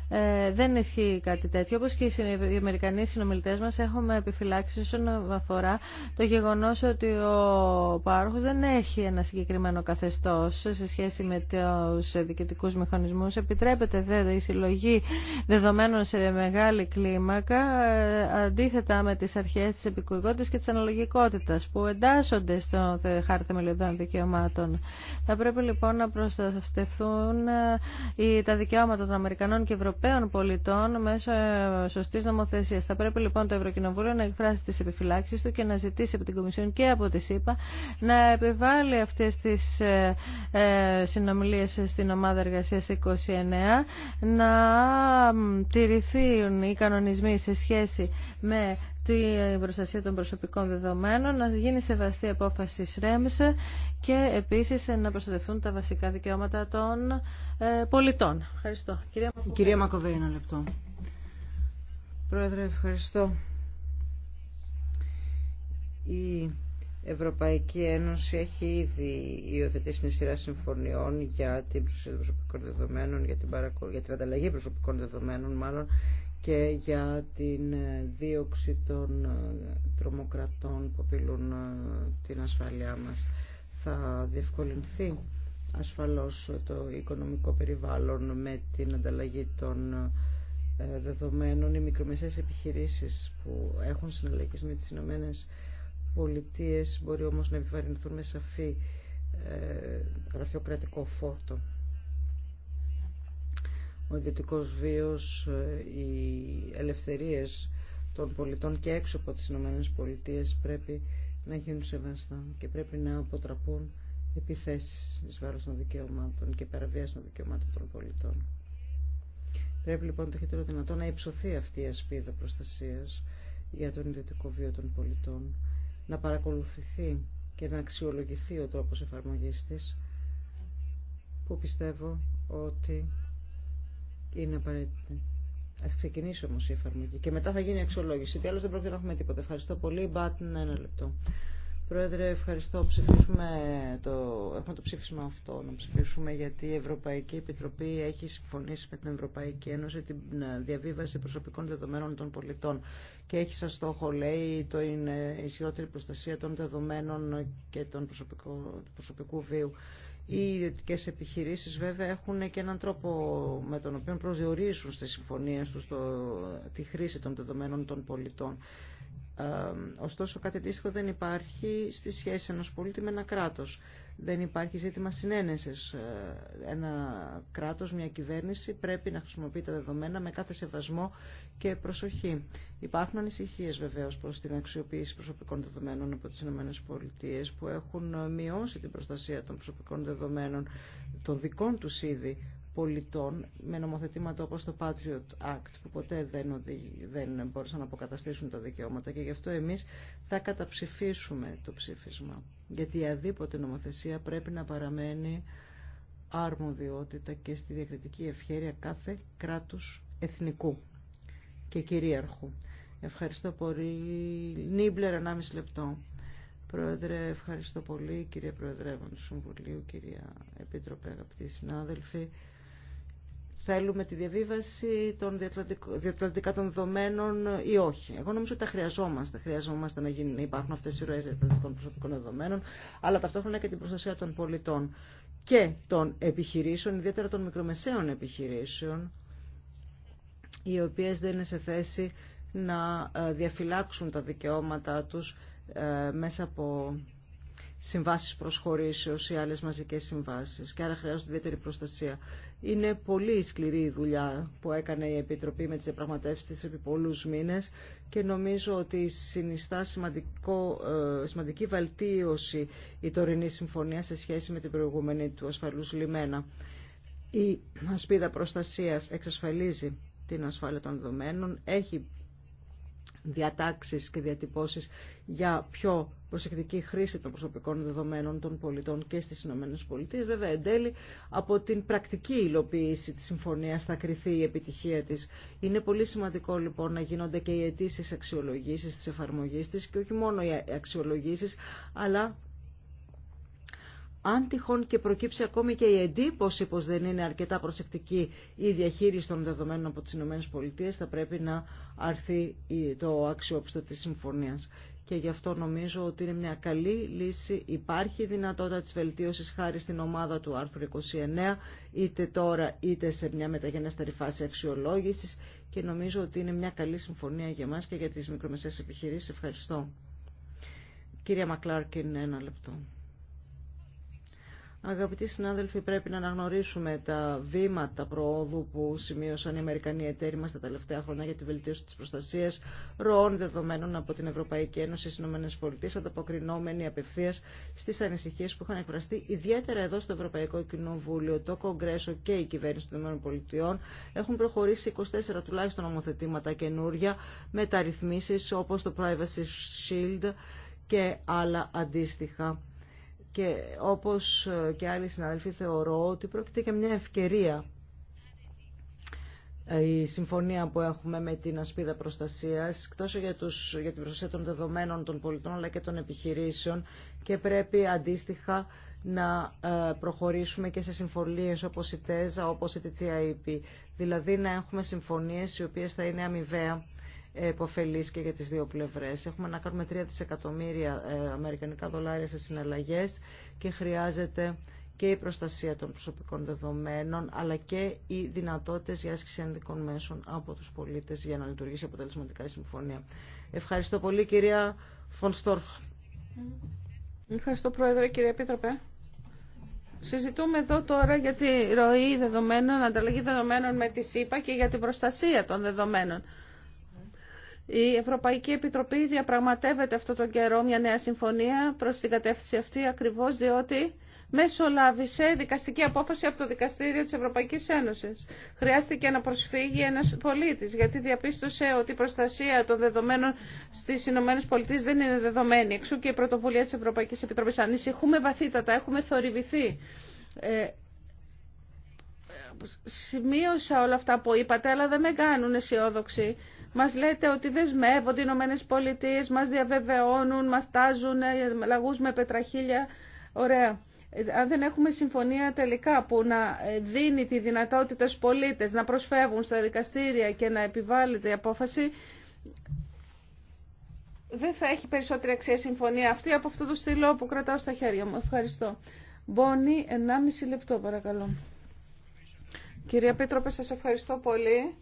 ε, δεν ισχύει κάτι τέτοιο. Όπως και οι Αμερικανοί συνομιλητές μας έχουμε επιφυλάξει όσον αφορά το γεγονός ότι ο πάροχος δεν έχει ένα συγκεκριμένο καθεστώς σε σχέση με τους διοικητικούς μηχανισμούς. Επιτρέπεται δε η συλλογή δεδομένων σε μεγάλη κλίμακα ε, αντίθετα με τις αρχές της επικουρικότητα και της αναλογικότητας που εντάσσονται στο χάρτη θεμελιωδών δικαιωμάτων. Θα πρέπει λοιπόν να προστατευτούν ε, τα δικαιώματα των Αμερικανών και Ευρωπαϊκών Ευρωπαίων πολιτών μέσω ε, σωστής νομοθεσίας. Θα πρέπει λοιπόν το Ευρωκοινοβούλιο να εκφράσει τις επιφυλάξεις του και να ζητήσει από την Κομισιόν και από τη ΣΥΠΑ να επιβάλλει αυτές τις ε, ε, συνομιλίες στην ομάδα εργασίας 29 να τηρηθούν οι κανονισμοί σε σχέση με την προστασία των προσωπικών δεδομένων, να γίνει σεβαστή απόφαση ΣΡΕΜΣΕ και επίσης να προστατευτούν τα βασικά δικαιώματα των ε, πολιτών. Ευχαριστώ. Κυρία, Κυρία ένα λεπτό. Πρόεδρε, ευχαριστώ. Η Ευρωπαϊκή Ένωση έχει ήδη υιοθετήσει μια σειρά συμφωνιών για την προστασία προσωπικών δεδομένων, για την, για την ανταλλαγή προσωπικών δεδομένων μάλλον και για την ε, δίωξη των ε, τρομοκρατών που απειλούν ε, την ασφαλειά μας. Θα διευκολυνθεί ασφαλώς το οικονομικό περιβάλλον με την ανταλλαγή των δεδομένων οι μικρομεσαίες επιχειρήσεις που έχουν συναλλαγές με τις Ηνωμένε Πολιτείες μπορεί όμως να επιβαρυνθούν με σαφή γραφειοκρατικό φόρτο ο ιδιωτικός βίος, ε, οι ελευθερίες των πολιτών και έξω από τις Ηνωμένες Πολιτείες πρέπει να γίνουν σεβαστά και πρέπει να αποτραπούν επιθέσεις εις βάρος των δικαιωμάτων και παραβίαση των δικαιωμάτων των πολιτών. Πρέπει λοιπόν το χειρότερο δυνατό να υψωθεί αυτή η ασπίδα προστασίας για τον ιδιωτικό βίο των πολιτών, να παρακολουθηθεί και να αξιολογηθεί ο τρόπος εφαρμογής της, που πιστεύω ότι είναι απαραίτητη. Α ξεκινήσει όμω η εφαρμογή και μετά θα γίνει η αξιολόγηση. Τι άλλο δεν πρόκειται να έχουμε τίποτα. Ευχαριστώ πολύ. Μπάτν ένα λεπτό. Πρόεδρε, ευχαριστώ. Ψηφίσουμε το... Έχουμε το ψήφισμα αυτό να ψηφίσουμε γιατί η Ευρωπαϊκή Επιτροπή έχει συμφωνήσει με την Ευρωπαϊκή Ένωση την διαβίβαση προσωπικών δεδομένων των πολιτών και έχει σαν στόχο, λέει, το είναι ισχυρότερη προστασία των δεδομένων και των προσωπικού βίου. Οι ιδιωτικέ επιχειρήσεις βέβαια έχουν και έναν τρόπο με τον οποίο προσδιορίζουν στις συμφωνίες τους το, τη χρήση των δεδομένων των πολιτών ωστόσο κάτι αντίστοιχο δεν υπάρχει στη σχέση ενός πολίτη με ένα κράτος. Δεν υπάρχει ζήτημα συνένεσης. Ε, ένα κράτος, μια κυβέρνηση πρέπει να χρησιμοποιεί τα δεδομένα με κάθε σεβασμό και προσοχή. Υπάρχουν ανησυχίες βεβαίως προς την αξιοποίηση προσωπικών δεδομένων από τις ΗΠΑ που έχουν μειώσει την προστασία των προσωπικών δεδομένων των δικών του ήδη πολιτών με νομοθετήματα όπως το Patriot Act που ποτέ δεν, οδηγεί, δεν μπορούσαν να αποκαταστήσουν τα δικαιώματα και γι' αυτό εμείς θα καταψηφίσουμε το ψήφισμα. Γιατί η αδίποτε νομοθεσία πρέπει να παραμένει αρμοδιότητα και στη διακριτική ευχέρεια κάθε κράτους εθνικού και κυρίαρχου. Ευχαριστώ πολύ. Νίμπλερ, 1,5 λεπτό. Πρόεδρε, ευχαριστώ πολύ, κύριε Προεδρεύον του Συμβουλίου, κυρία Επίτροπε, αγαπητοί συνάδελφοι θέλουμε τη διαβίβαση των διατλαντικά των δεδομένων ή όχι. Εγώ νομίζω ότι τα χρειαζόμαστε. Χρειαζόμαστε να, υπάρχουν αυτέ οι ροέ διατλαντικών προσωπικών δεδομένων, αλλά ταυτόχρονα και την προστασία των πολιτών και των επιχειρήσεων, ιδιαίτερα των μικρομεσαίων επιχειρήσεων, οι οποίε δεν είναι σε θέση να ε, διαφυλάξουν τα δικαιώματά τους ε, μέσα από συμβάσεις προσχωρήσεως ή άλλες μαζικές συμβάσεις και άρα χρειάζεται ιδιαίτερη προστασία. Είναι πολύ σκληρή η δουλειά που έκανε η Επιτροπή με τις διαπραγματεύσεις της επί πολλούς μήνες και νομίζω ότι συνιστά σημαντικό, ε, σημαντική βαλτίωση η τωρινή συμφωνία σε σχέση με την προηγούμενη του ασφαλούς λιμένα. Η ασπίδα προστασίας εξασφαλίζει την ασφάλεια των δεδομένων, έχει διατάξεις και διατυπώσεις για πιο προσεκτική χρήση των προσωπικών δεδομένων των πολιτών και στις ΗΠΑ. Βέβαια, εν τέλει, από την πρακτική υλοποίηση της συμφωνίας θα κριθεί η επιτυχία της. Είναι πολύ σημαντικό, λοιπόν, να γίνονται και οι αιτήσει αξιολογήσεις της εφαρμογής της και όχι μόνο οι αξιολογήσεις, αλλά αν τυχόν και προκύψει ακόμη και η εντύπωση πως δεν είναι αρκετά προσεκτική η διαχείριση των δεδομένων από τις ΗΠΑ, θα πρέπει να αρθεί το αξιόπιστο της συμφωνίας. Και γι' αυτό νομίζω ότι είναι μια καλή λύση. Υπάρχει δυνατότητα της βελτίωσης χάρη στην ομάδα του άρθρου 29, είτε τώρα είτε σε μια μεταγενέστερη φάση αξιολόγησης και νομίζω ότι είναι μια καλή συμφωνία για μας και για τις μικρομεσαίες επιχειρήσεις. Ευχαριστώ. Κυρία Μακλάρκιν, ένα λεπτό. Αγαπητοί συνάδελφοι, πρέπει να αναγνωρίσουμε τα βήματα προόδου που σημείωσαν οι Αμερικανοί εταίροι μας τα τελευταία χρόνια για τη βελτίωση της προστασίας ροών δεδομένων από την Ευρωπαϊκή Ένωση στις ΗΠΑ, ανταποκρινόμενοι απευθείας στις ανησυχίες που είχαν εκφραστεί ιδιαίτερα εδώ στο Ευρωπαϊκό Κοινοβούλιο, το Κογκρέσο και η κυβέρνηση των ΗΠΑ έχουν προχωρήσει 24 τουλάχιστον νομοθετήματα καινούρια, μεταρρυθμίσεις όπως το Privacy Shield και άλλα αντίστοιχα και όπως και άλλοι συναδελφοί θεωρώ ότι πρόκειται και μια ευκαιρία ε, η συμφωνία που έχουμε με την ασπίδα προστασίας, εκτός για, για την προστασία των δεδομένων των πολιτών αλλά και των επιχειρήσεων και πρέπει αντίστοιχα να ε, προχωρήσουμε και σε συμφωνίες όπως η ΤΕΖΑ, όπως η TTIP. Δηλαδή να έχουμε συμφωνίες οι οποίες θα είναι αμοιβαία επωφελής και για τις δύο πλευρές. Έχουμε να κάνουμε 3 δισεκατομμύρια ε, αμερικανικά δολάρια σε συναλλαγές και χρειάζεται και η προστασία των προσωπικών δεδομένων, αλλά και οι δυνατότητες για άσκηση ενδικών μέσων από τους πολίτες για να λειτουργήσει αποτελεσματικά η συμφωνία. Ευχαριστώ πολύ κυρία Φωνστόρχ. Ευχαριστώ Πρόεδρε, κύριε Επίτροπε. Συζητούμε εδώ τώρα για τη ροή δεδομένων, ανταλλαγή δεδομένων με τη ΣΥΠΑ και για την προστασία των δεδομένων. Η Ευρωπαϊκή Επιτροπή διαπραγματεύεται αυτό τον καιρό μια νέα συμφωνία προς την κατεύθυνση αυτή ακριβώς διότι μεσολάβησε δικαστική απόφαση από το Δικαστήριο της Ευρωπαϊκής Ένωσης. Χρειάστηκε να προσφύγει ένα πολίτης γιατί διαπίστωσε ότι η προστασία των δεδομένων στις Ηνωμένες Πολιτείες δεν είναι δεδομένη. Εξού και η πρωτοβουλία της Ευρωπαϊκής Επιτροπής. Ανησυχούμε βαθύτατα, έχουμε θορυβηθεί. Ε, σημείωσα όλα αυτά που είπατε, αλλά δεν με κάνουν αισιόδοξη μας λέτε ότι δεσμεύονται οι Ηνωμένε Πολιτείε, μας διαβεβαιώνουν, μας τάζουν, ε, λαγούς με πετραχίλια. Ωραία. Ε, αν δεν έχουμε συμφωνία τελικά που να ε, δίνει τη δυνατότητα στους πολίτες να προσφεύγουν στα δικαστήρια και να επιβάλλεται η απόφαση, δεν θα έχει περισσότερη αξία συμφωνία αυτή από αυτό το στυλό που κρατάω στα χέρια μου. Ευχαριστώ. Μπόνι, 1,5 λεπτό παρακαλώ. Κυρία Πίτροπε, σας ευχαριστώ πολύ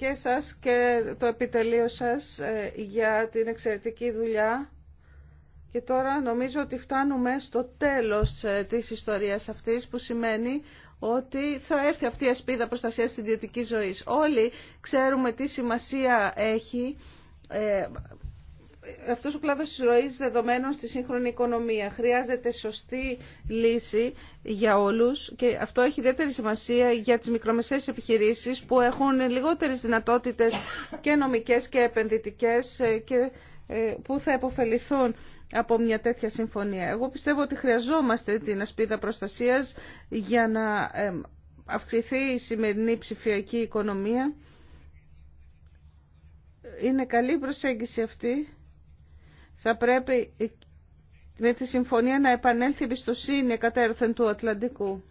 και σας και το επιτελείο σας ε, για την εξαιρετική δουλειά. Και τώρα νομίζω ότι φτάνουμε στο τέλος ε, της ιστορίας αυτής που σημαίνει ότι θα έρθει αυτή η ασπίδα προστασίας στην ζωής. Όλοι ξέρουμε τι σημασία έχει ε, αυτός ο κλάδος τη ροής δεδομένων στη σύγχρονη οικονομία. Χρειάζεται σωστή λύση για όλους και αυτό έχει ιδιαίτερη σημασία για τις μικρομεσαίες επιχειρήσεις που έχουν λιγότερες δυνατότητες και νομικές και επενδυτικές ε, και ε, που θα επωφεληθούν από μια τέτοια συμφωνία. Εγώ πιστεύω ότι χρειαζόμαστε την ασπίδα προστασίας για να ε, αυξηθεί η σημερινή ψηφιακή οικονομία. Είναι καλή προσέγγιση αυτή θα πρέπει με τη συμφωνία να επανέλθει η εμπιστοσύνη κατέρθεν του Ατλαντικού.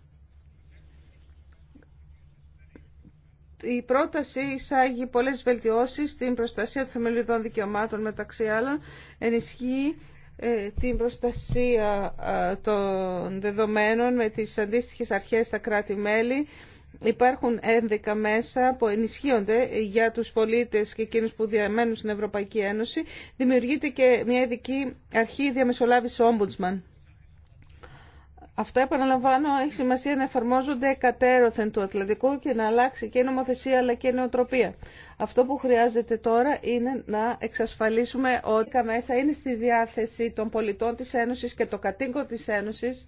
Η πρόταση εισάγει πολλές βελτιώσεις στην προστασία των θεμελιωδών δικαιωμάτων μεταξύ άλλων, ενισχύει ε, την προστασία ε, των δεδομένων με τις αντίστοιχες αρχές στα κράτη-μέλη, Υπάρχουν ένδεικα μέσα που ενισχύονται για τους πολίτες και εκείνους που διαμένουν στην Ευρωπαϊκή Ένωση. Δημιουργείται και μια ειδική αρχή διαμεσολάβηση Ombudsman. Αυτά, επαναλαμβάνω, έχει σημασία να εφαρμόζονται κατέρωθεν του Ατλαντικού και να αλλάξει και η νομοθεσία αλλά και η νοοτροπία. Αυτό που χρειάζεται τώρα είναι να εξασφαλίσουμε ότι τα μέσα είναι στη διάθεση των πολιτών της Ένωσης και το κατοίκων της Ένωσης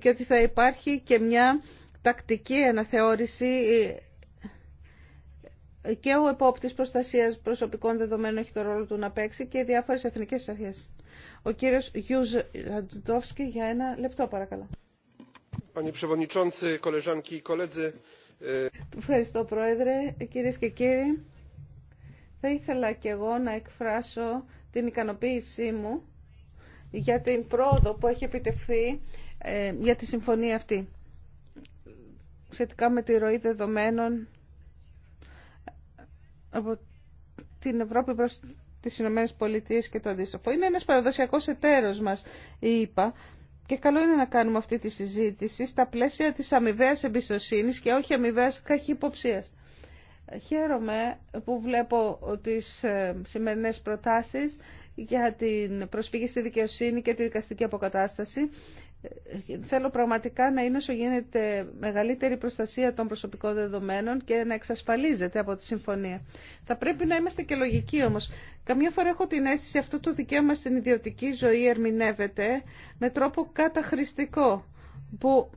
και ότι θα υπάρχει και μια τακτική αναθεώρηση και ο επόπτης προστασίας προσωπικών δεδομένων έχει το ρόλο του να παίξει και διάφορες εθνικές αρχές. Ο κύριος Γιούζ Αντζουτόφσκι για ένα λεπτό παρακαλώ. Ε, Ευχαριστώ Πρόεδρε, κυρίες και κύριοι. Θα ήθελα και εγώ να εκφράσω την ικανοποίησή μου για την πρόοδο που έχει επιτευχθεί ε, για τη συμφωνία αυτή σχετικά με τη ροή δεδομένων από την Ευρώπη προς τις Ηνωμένες Πολιτείες και το αντίστοιχο. Είναι ένας παραδοσιακός εταίρος μας, είπα και καλό είναι να κάνουμε αυτή τη συζήτηση στα πλαίσια της αμοιβαία εμπιστοσύνης και όχι αμοιβαία καχυποψίας. Χαίρομαι που βλέπω τις ε, σημερινές προτάσεις για την προσφυγή στη δικαιοσύνη και τη δικαστική αποκατάσταση Θέλω πραγματικά να είναι όσο γίνεται μεγαλύτερη προστασία των προσωπικών δεδομένων και να εξασφαλίζεται από τη συμφωνία. Θα πρέπει να είμαστε και λογικοί όμως. Καμιά φορά έχω την αίσθηση αυτό το δικαίωμα στην ιδιωτική ζωή ερμηνεύεται με τρόπο καταχρηστικό που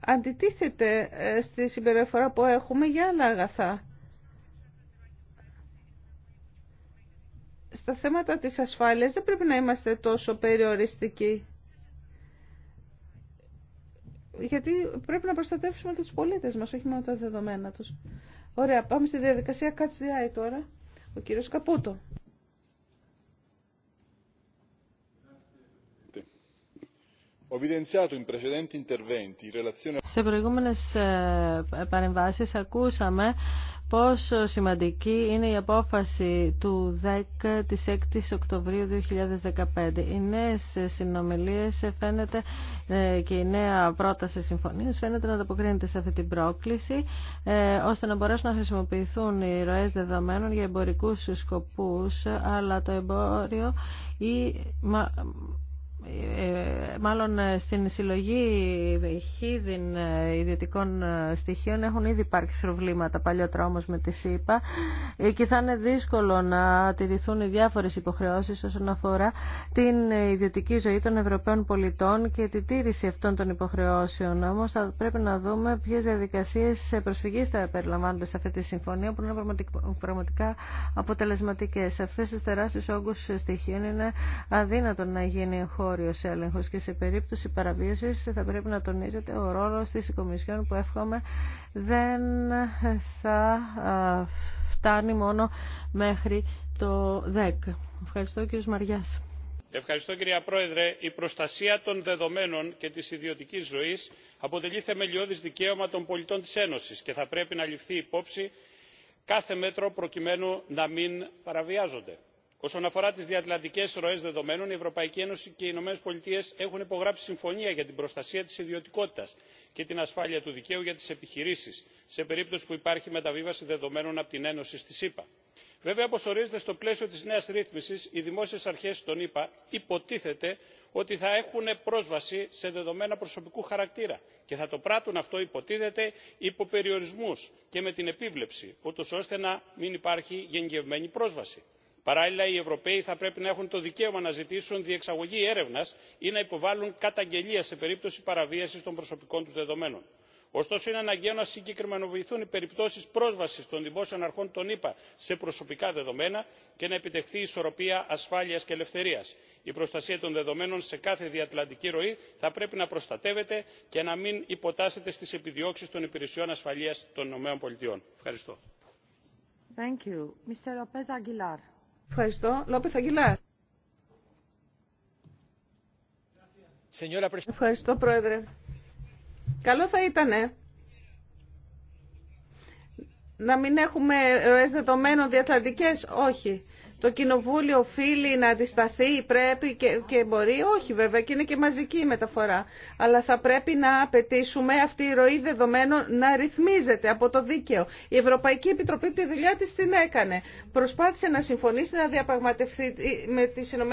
αντιτίθεται ε, στη συμπεριφορά που έχουμε για άλλα αγαθά. Στα θέματα της ασφάλειας δεν πρέπει να είμαστε τόσο περιοριστικοί γιατί πρέπει να προστατεύσουμε και τους πολίτες μας, όχι μόνο τα δεδομένα τους. Ωραία, πάμε στη διαδικασία Catch the Eye τώρα. Ο κύριος Καπούτο. Σε προηγούμενες ε, παρεμβάσει ακούσαμε πόσο σημαντική είναι η απόφαση του ΔΕΚ της 6ης Οκτωβρίου 2015. Οι νέε συνομιλίες φαίνεται ε, και η νέα πρόταση συμφωνίας φαίνεται να ανταποκρίνεται σε αυτή την πρόκληση ε, ώστε να μπορέσουν να χρησιμοποιηθούν οι ροές δεδομένων για εμπορικούς σκοπούς αλλά το εμπόριο ή ε, ε, μάλλον ε, στην συλλογή χίδιν ιδιωτικών στοιχείων έχουν ήδη υπάρξει προβλήματα παλιότερα όμως με τη ΣΥΠΑ και θα είναι δύσκολο να τηρηθούν οι διάφορες υποχρεώσεις όσον αφορά την ιδιωτική ζωή των Ευρωπαίων πολιτών και τη τήρηση αυτών των υποχρεώσεων. Όμως θα πρέπει να δούμε ποιες διαδικασίες προσφυγής θα περιλαμβάνονται σε αυτή τη συμφωνία που είναι πραγματικά αποτελεσματικές. Σε αυτές τις τεράστιες όγκους στοιχείων είναι αδύνατο να γίνει χώρο όριος έλεγχος και σε περίπτωση παραβίασης θα πρέπει να τονίζεται ο ρόλος της Κομισιόν που εύχομαι δεν θα φτάνει μόνο μέχρι το ΔΕΚ. Ευχαριστώ κύριος Μαριάς. Ευχαριστώ κυρία Πρόεδρε. Η προστασία των δεδομένων και της ιδιωτικής ζωής αποτελεί θεμελιώδης δικαίωμα των πολιτών της Ένωσης και θα πρέπει να ληφθεί υπόψη κάθε μέτρο προκειμένου να μην παραβιάζονται όσον αφορά τι διατλαντικέ ροέ δεδομένων η ευρωπαϊκή ένωση και οι ηνωμένε πολιτείε έχουν υπογράψει συμφωνία για την προστασία τη ιδιωτικότητα και την ασφάλεια του δικαίου για τι επιχειρήσει σε περίπτωση που υπάρχει μεταβίβαση δεδομένων από την ένωση στι ηπα. βέβαια όπω ορίζεται στο πλαίσιο τη νέα ρύθμιση οι δημόσιε αρχέ των ηπα υποτίθεται ότι θα έχουν πρόσβαση σε δεδομένα προσωπικού χαρακτήρα και θα το πράττουν αυτό υποτίθεται υπό περιορισμού και με την επίβλεψη ούτω ώστε να μην υπάρχει γενικευμένη πρόσβαση παράλληλα οι ευρωπαίοι θα πρέπει να έχουν το δικαίωμα να ζητήσουν διεξαγωγή έρευνας ή να υποβάλουν καταγγελία σε περίπτωση παραβίασης των προσωπικών τους δεδομένων. ωστόσο είναι αναγκαίο να συγκεκριμενοποιηθούν οι περιπτώσεις πρόσβασης των δημόσιων αρχών των ηπα σε προσωπικά δεδομένα και να επιτευχθεί ισορροπία ασφάλειας και ελευθερίας. η προστασία των δεδομένων σε κάθε διατλαντική ροή θα πρέπει να προστατεύεται και να μην υποτάσσεται στις επιδιώξεις των υπηρεσιών ασφαλείας των ηνωμένων ευχαριστώ. Ευχαριστώ. Λόπε Αγγιλάρ. Ευχαριστώ, Πρόεδρε. Καλό θα ήτανε να μην έχουμε ροές δεδομένων διατλαντικές. Όχι το κοινοβούλιο οφείλει να αντισταθεί, πρέπει και, μπορεί, όχι βέβαια και είναι και μαζική η μεταφορά, αλλά θα πρέπει να απαιτήσουμε αυτή η ροή δεδομένων να ρυθμίζεται από το δίκαιο. Η Ευρωπαϊκή Επιτροπή τη δουλειά τη την έκανε. Προσπάθησε να συμφωνήσει να διαπραγματευτεί με τις ΗΠΑ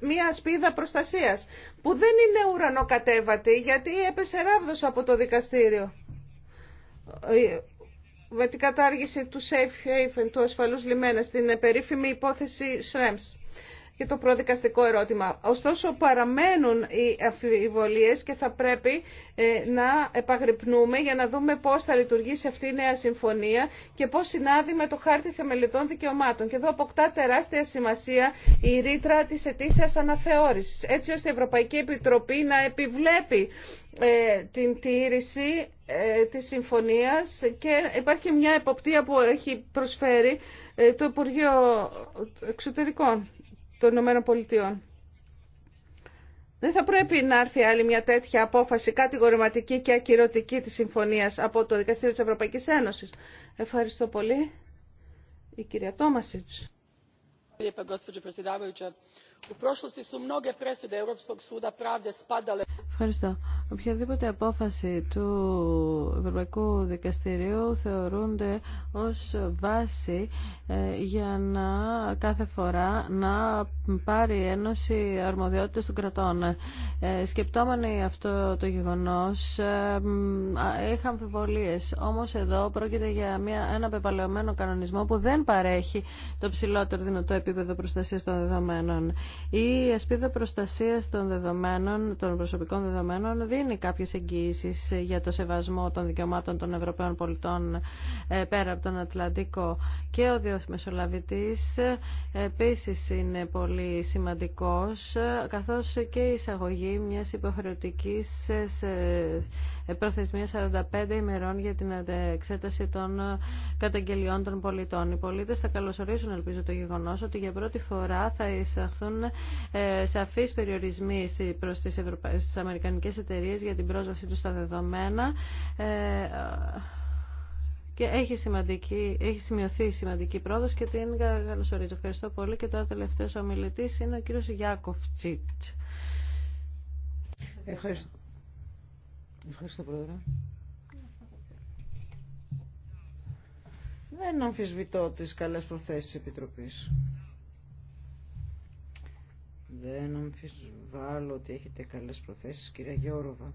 μία σπίδα προστασίας, που δεν είναι ουρανοκατέβατη γιατί έπεσε ράβδο από το δικαστήριο ε, με την κατάργηση του Safe Haven, του ασφαλούς λιμένα, στην περίφημη υπόθεση ΣΡΕΜΣ και το προδικαστικό ερώτημα. Ωστόσο παραμένουν οι αφιβολίες και θα πρέπει ε, να επαγρυπνούμε για να δούμε πώς θα λειτουργήσει αυτή η νέα συμφωνία και πώς συνάδει με το χάρτη θεμελιτών δικαιωμάτων. Και εδώ αποκτά τεράστια σημασία η ρήτρα της αιτήσιας αναθεώρησης, έτσι ώστε η Ευρωπαϊκή Επιτροπή να επιβλέπει ε, την τήρηση ε, της συμφωνίας και υπάρχει μια εποπτεία που έχει προσφέρει το Υπουργείο Εξωτερικών των Ηνωμένων Πολιτειών. Δεν θα πρέπει να έρθει άλλη μια τέτοια απόφαση κατηγορηματική και ακυρωτική της συμφωνίας από το Δικαστήριο της Ευρωπαϊκής Ένωσης. Ευχαριστώ πολύ. Η κυρία Τόμασιτς. Ευχαριστώ. Οποιαδήποτε απόφαση του Ευρωπαϊκού Δικαστηρίου θεωρούνται ως βάση ε, για να κάθε φορά να πάρει ένωση αρμοδιότητες των κρατών. Ε, σκεπτόμενοι αυτό το γεγονός, ε, είχα αμφιβολίες. Όμως εδώ πρόκειται για μια, ένα πεπαλαιωμένο κανονισμό που δεν παρέχει το ψηλότερο δυνατό επίπεδο προστασίας των δεδομένων. Η ασπίδα προστασίας των δεδομένων, των προσωπικών δεδομένων, δεδομένων δίνει κάποιες εγγύησεις για το σεβασμό των δικαιωμάτων των Ευρωπαίων πολιτών ε, πέρα από τον Ατλαντικό και ο Μεσολαβητής. Ε, επίσης είναι πολύ σημαντικός καθώς και η εισαγωγή μιας υποχρεωτικής ε, ε, προθεσμία 45 ημερών για την εξέταση των ε, καταγγελιών των πολιτών. Οι πολίτες θα καλωσορίσουν, ελπίζω, το γεγονός ότι για πρώτη φορά θα εισαχθούν ε, σαφείς περιορισμοί προς τις, ευρωπα... στις αμερικανικές εταιρείες για την πρόσβαση τους στα δεδομένα και έχει, σημαντική, έχει σημειωθεί σημαντική πρόοδος και την καλωσορίζω. Ευχαριστώ πολύ και τώρα τελευταίο ομιλητή είναι ο κύριος Γιάκοφτσίτ. Ευχαριστώ. Ευχαριστώ, Πρόεδρε. Δεν αμφισβητώ τις καλές προθέσεις της Επιτροπής. Δεν αμφισβάλλω ότι έχετε καλές προθέσεις, κυρία Γιώροβα.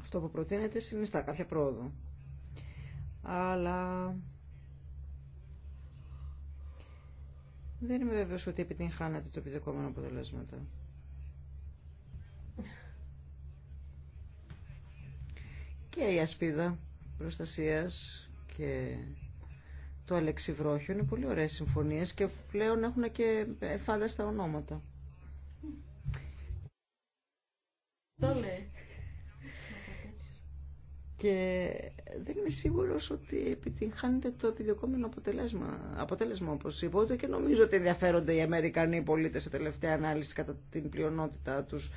Αυτό που προτείνετε συνιστά κάποια πρόοδο. Αλλά Δεν είμαι βέβαιος ότι επιτυγχάνατε το επιδεκόμενο αποτελέσματα. Και η ασπίδα προστασίας και το αλεξιβρόχιο είναι πολύ ωραίες συμφωνίες και πλέον έχουν και φάνταστα ονόματα. Το λέει και δεν είμαι σίγουρος ότι επιτυγχάνεται το επιδιωκόμενο αποτέλεσμα, αποτέλεσμα όπως είπα, και νομίζω ότι ενδιαφέρονται οι Αμερικανοί πολίτες σε τελευταία ανάλυση κατά την πλειονότητά τους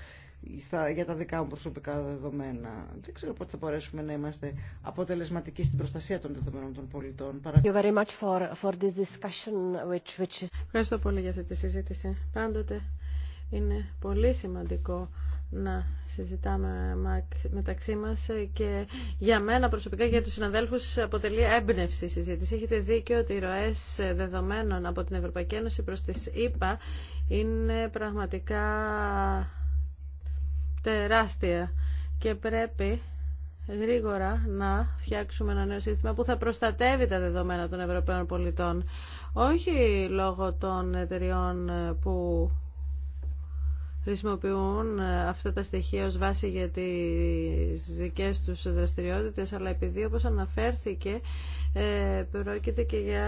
για τα δικά μου προσωπικά δεδομένα. Δεν ξέρω πότε θα μπορέσουμε να είμαστε αποτελεσματικοί στην προστασία των δεδομένων των πολιτών. Ευχαριστώ πολύ για αυτή τη συζήτηση. Πάντοτε είναι πολύ σημαντικό να συζητάμε μεταξύ μας και για μένα προσωπικά για τους συναδέλφους αποτελεί έμπνευση η συζήτηση. Έχετε δίκιο ότι οι ροές δεδομένων από την Ευρωπαϊκή Ένωση προς τις ΗΠΑ είναι πραγματικά τεράστια και πρέπει γρήγορα να φτιάξουμε ένα νέο σύστημα που θα προστατεύει τα δεδομένα των Ευρωπαίων πολιτών. Όχι λόγω των εταιριών που χρησιμοποιούν ε, αυτά τα στοιχεία ως βάση για τις δικές τους δραστηριότητες, αλλά επειδή όπως αναφέρθηκε ε, πρόκειται και για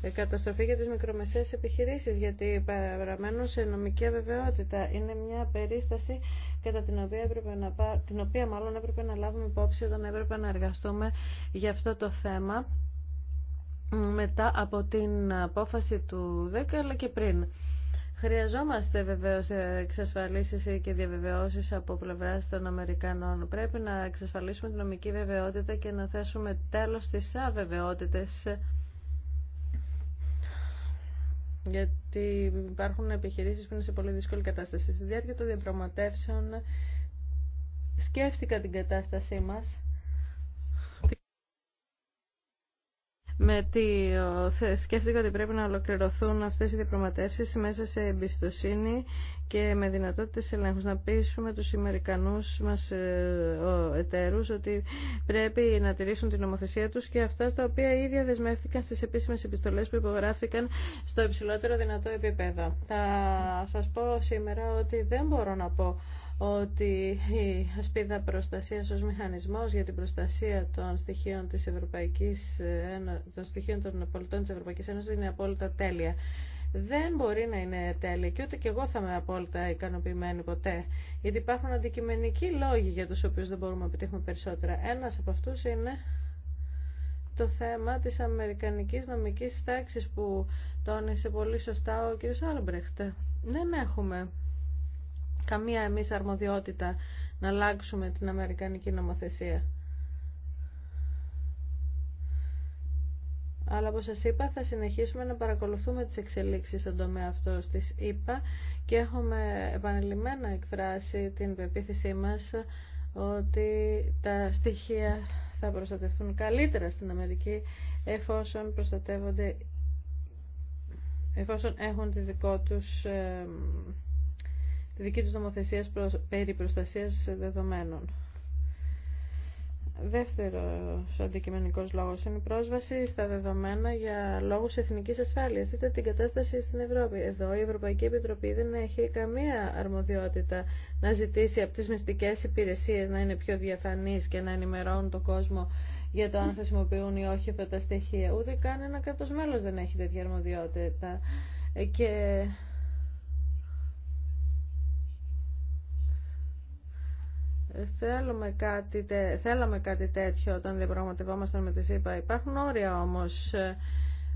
ε, καταστροφή για τις μικρομεσαίες επιχειρήσεις, γιατί παραμένουν σε νομική αβεβαιότητα. Είναι μια περίσταση κατά την οποία, έπρεπε να, την οποία μάλλον έπρεπε να λάβουμε υπόψη όταν έπρεπε να εργαστούμε για αυτό το θέμα μετά από την απόφαση του 10 αλλά και πριν. Χρειαζόμαστε βεβαίως εξασφαλίσεις και διαβεβαιώσεις από πλευράς των Αμερικανών. Πρέπει να εξασφαλίσουμε την νομική βεβαιότητα και να θέσουμε τέλος στις αβεβαιότητες γιατί υπάρχουν επιχειρήσεις που είναι σε πολύ δύσκολη κατάσταση. Στη διάρκεια των διαπραγματεύσεων σκέφτηκα την κατάστασή μας με τι σκέφτηκα ότι πρέπει να ολοκληρωθούν αυτές οι διπλωματεύσεις μέσα σε εμπιστοσύνη και με δυνατότητες ελέγχους να πείσουμε τους Αμερικανούς μας ε, εταίρους ότι πρέπει να τηρήσουν την νομοθεσία τους και αυτά στα οποία ήδη δεσμεύτηκαν στις επίσημες επιστολές που υπογράφηκαν στο υψηλότερο δυνατό επίπεδο. Θα σας πω σήμερα ότι δεν μπορώ να πω ότι η ασπίδα προστασίας ως μηχανισμός για την προστασία των στοιχείων, της Ευρωπαϊκής, των, στοιχείων των πολιτών της Ευρωπαϊκής Ένωσης είναι απόλυτα τέλεια. Δεν μπορεί να είναι τέλεια και ούτε και εγώ θα είμαι απόλυτα ικανοποιημένη ποτέ. Γιατί υπάρχουν αντικειμενικοί λόγοι για τους οποίους δεν μπορούμε να επιτύχουμε περισσότερα. Ένας από αυτούς είναι το θέμα της αμερικανικής νομικής τάξης που τόνισε πολύ σωστά ο κ. Άλμπρεχτ. Δεν έχουμε καμία εμείς αρμοδιότητα να αλλάξουμε την Αμερικανική νομοθεσία. Αλλά όπως σας είπα θα συνεχίσουμε να παρακολουθούμε τις εξελίξεις στον τομέα αυτό της ΕΠΑ και έχουμε επανειλημμένα εκφράσει την πεποίθησή μας ότι τα στοιχεία θα προστατευτούν καλύτερα στην Αμερική εφόσον προστατεύονται εφόσον έχουν τη δικό τους δική τους νομοθεσία προς, περί προστασίας δεδομένων. Δεύτερος αντικειμενικός λόγος είναι η πρόσβαση στα δεδομένα για λόγους εθνικής ασφάλειας. Δείτε την κατάσταση στην Ευρώπη. Εδώ η Ευρωπαϊκή Επιτροπή δεν έχει καμία αρμοδιότητα να ζητήσει από τις μυστικές υπηρεσίες να είναι πιο διαφανείς και να ενημερώνουν τον κόσμο για το αν χρησιμοποιούν ή όχι αυτά τα στοιχεία. Ούτε καν ένα κράτος δεν έχει τέτοια αρμοδιότητα. Θέλουμε κάτι, θέλαμε κάτι τέτοιο όταν διαπραγματευόμασταν με τη ΣΥΠΑ. Υπάρχουν όρια όμως.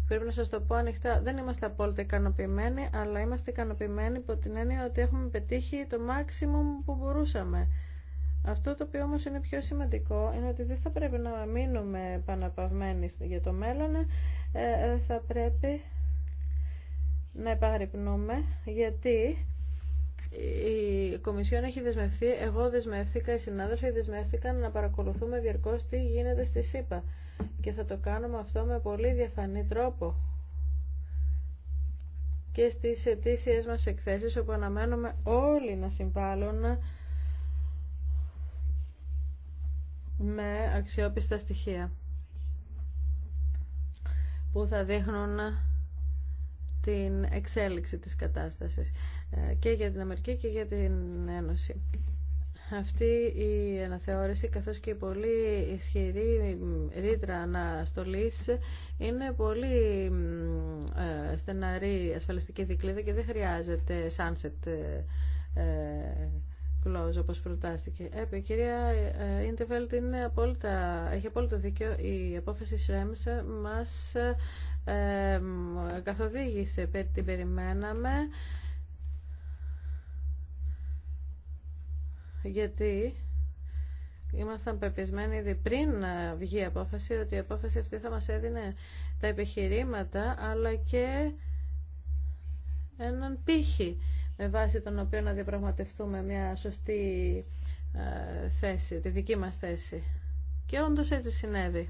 Πρέπει να σας το πω ανοιχτά. Δεν είμαστε απόλυτα ικανοποιημένοι, αλλά είμαστε ικανοποιημένοι υπό την έννοια ότι έχουμε πετύχει το maximum που μπορούσαμε. Αυτό το οποίο όμως είναι πιο σημαντικό είναι ότι δεν θα πρέπει να μείνουμε επαναπαυμένοι για το μέλλον. Ε, ε, θα πρέπει να επαγρυπνούμε γιατί η Κομισιόν έχει δεσμευθεί, εγώ δεσμεύτηκα, οι συνάδελφοι δεσμεύτηκαν να παρακολουθούμε διαρκώ τι γίνεται στη ΣΥΠΑ και θα το κάνουμε αυτό με πολύ διαφανή τρόπο και στι ετήσιές μας εκθέσεις όπου αναμένουμε όλοι να συμβάλλουν με αξιόπιστα στοιχεία που θα δείχνουν την εξέλιξη της κατάστασης. Ε, και για την Αμερική και για την Ένωση. Αυτή η αναθεώρηση καθώς και η πολύ ισχυρή ρήτρα αναστολής είναι πολύ ε, στεναρή ασφαλιστική δικλίδα και δεν χρειάζεται sunset ε, clause όπως προτάστηκε. Ε, η κυρία Ιντεβέλτ είναι απόλυτα, έχει απόλυτο δίκιο. Η απόφαση ΣΡΕΜΣ μας καθοδήγησε, την περιμέναμε. γιατί ήμασταν πεπισμένοι ήδη πριν ε, βγει η απόφαση ότι η απόφαση αυτή θα μας έδινε τα επιχειρήματα αλλά και έναν πύχη με βάση τον οποίο να διαπραγματευτούμε μια σωστή ε, θέση, τη δική μας θέση. Και όντως έτσι συνέβη.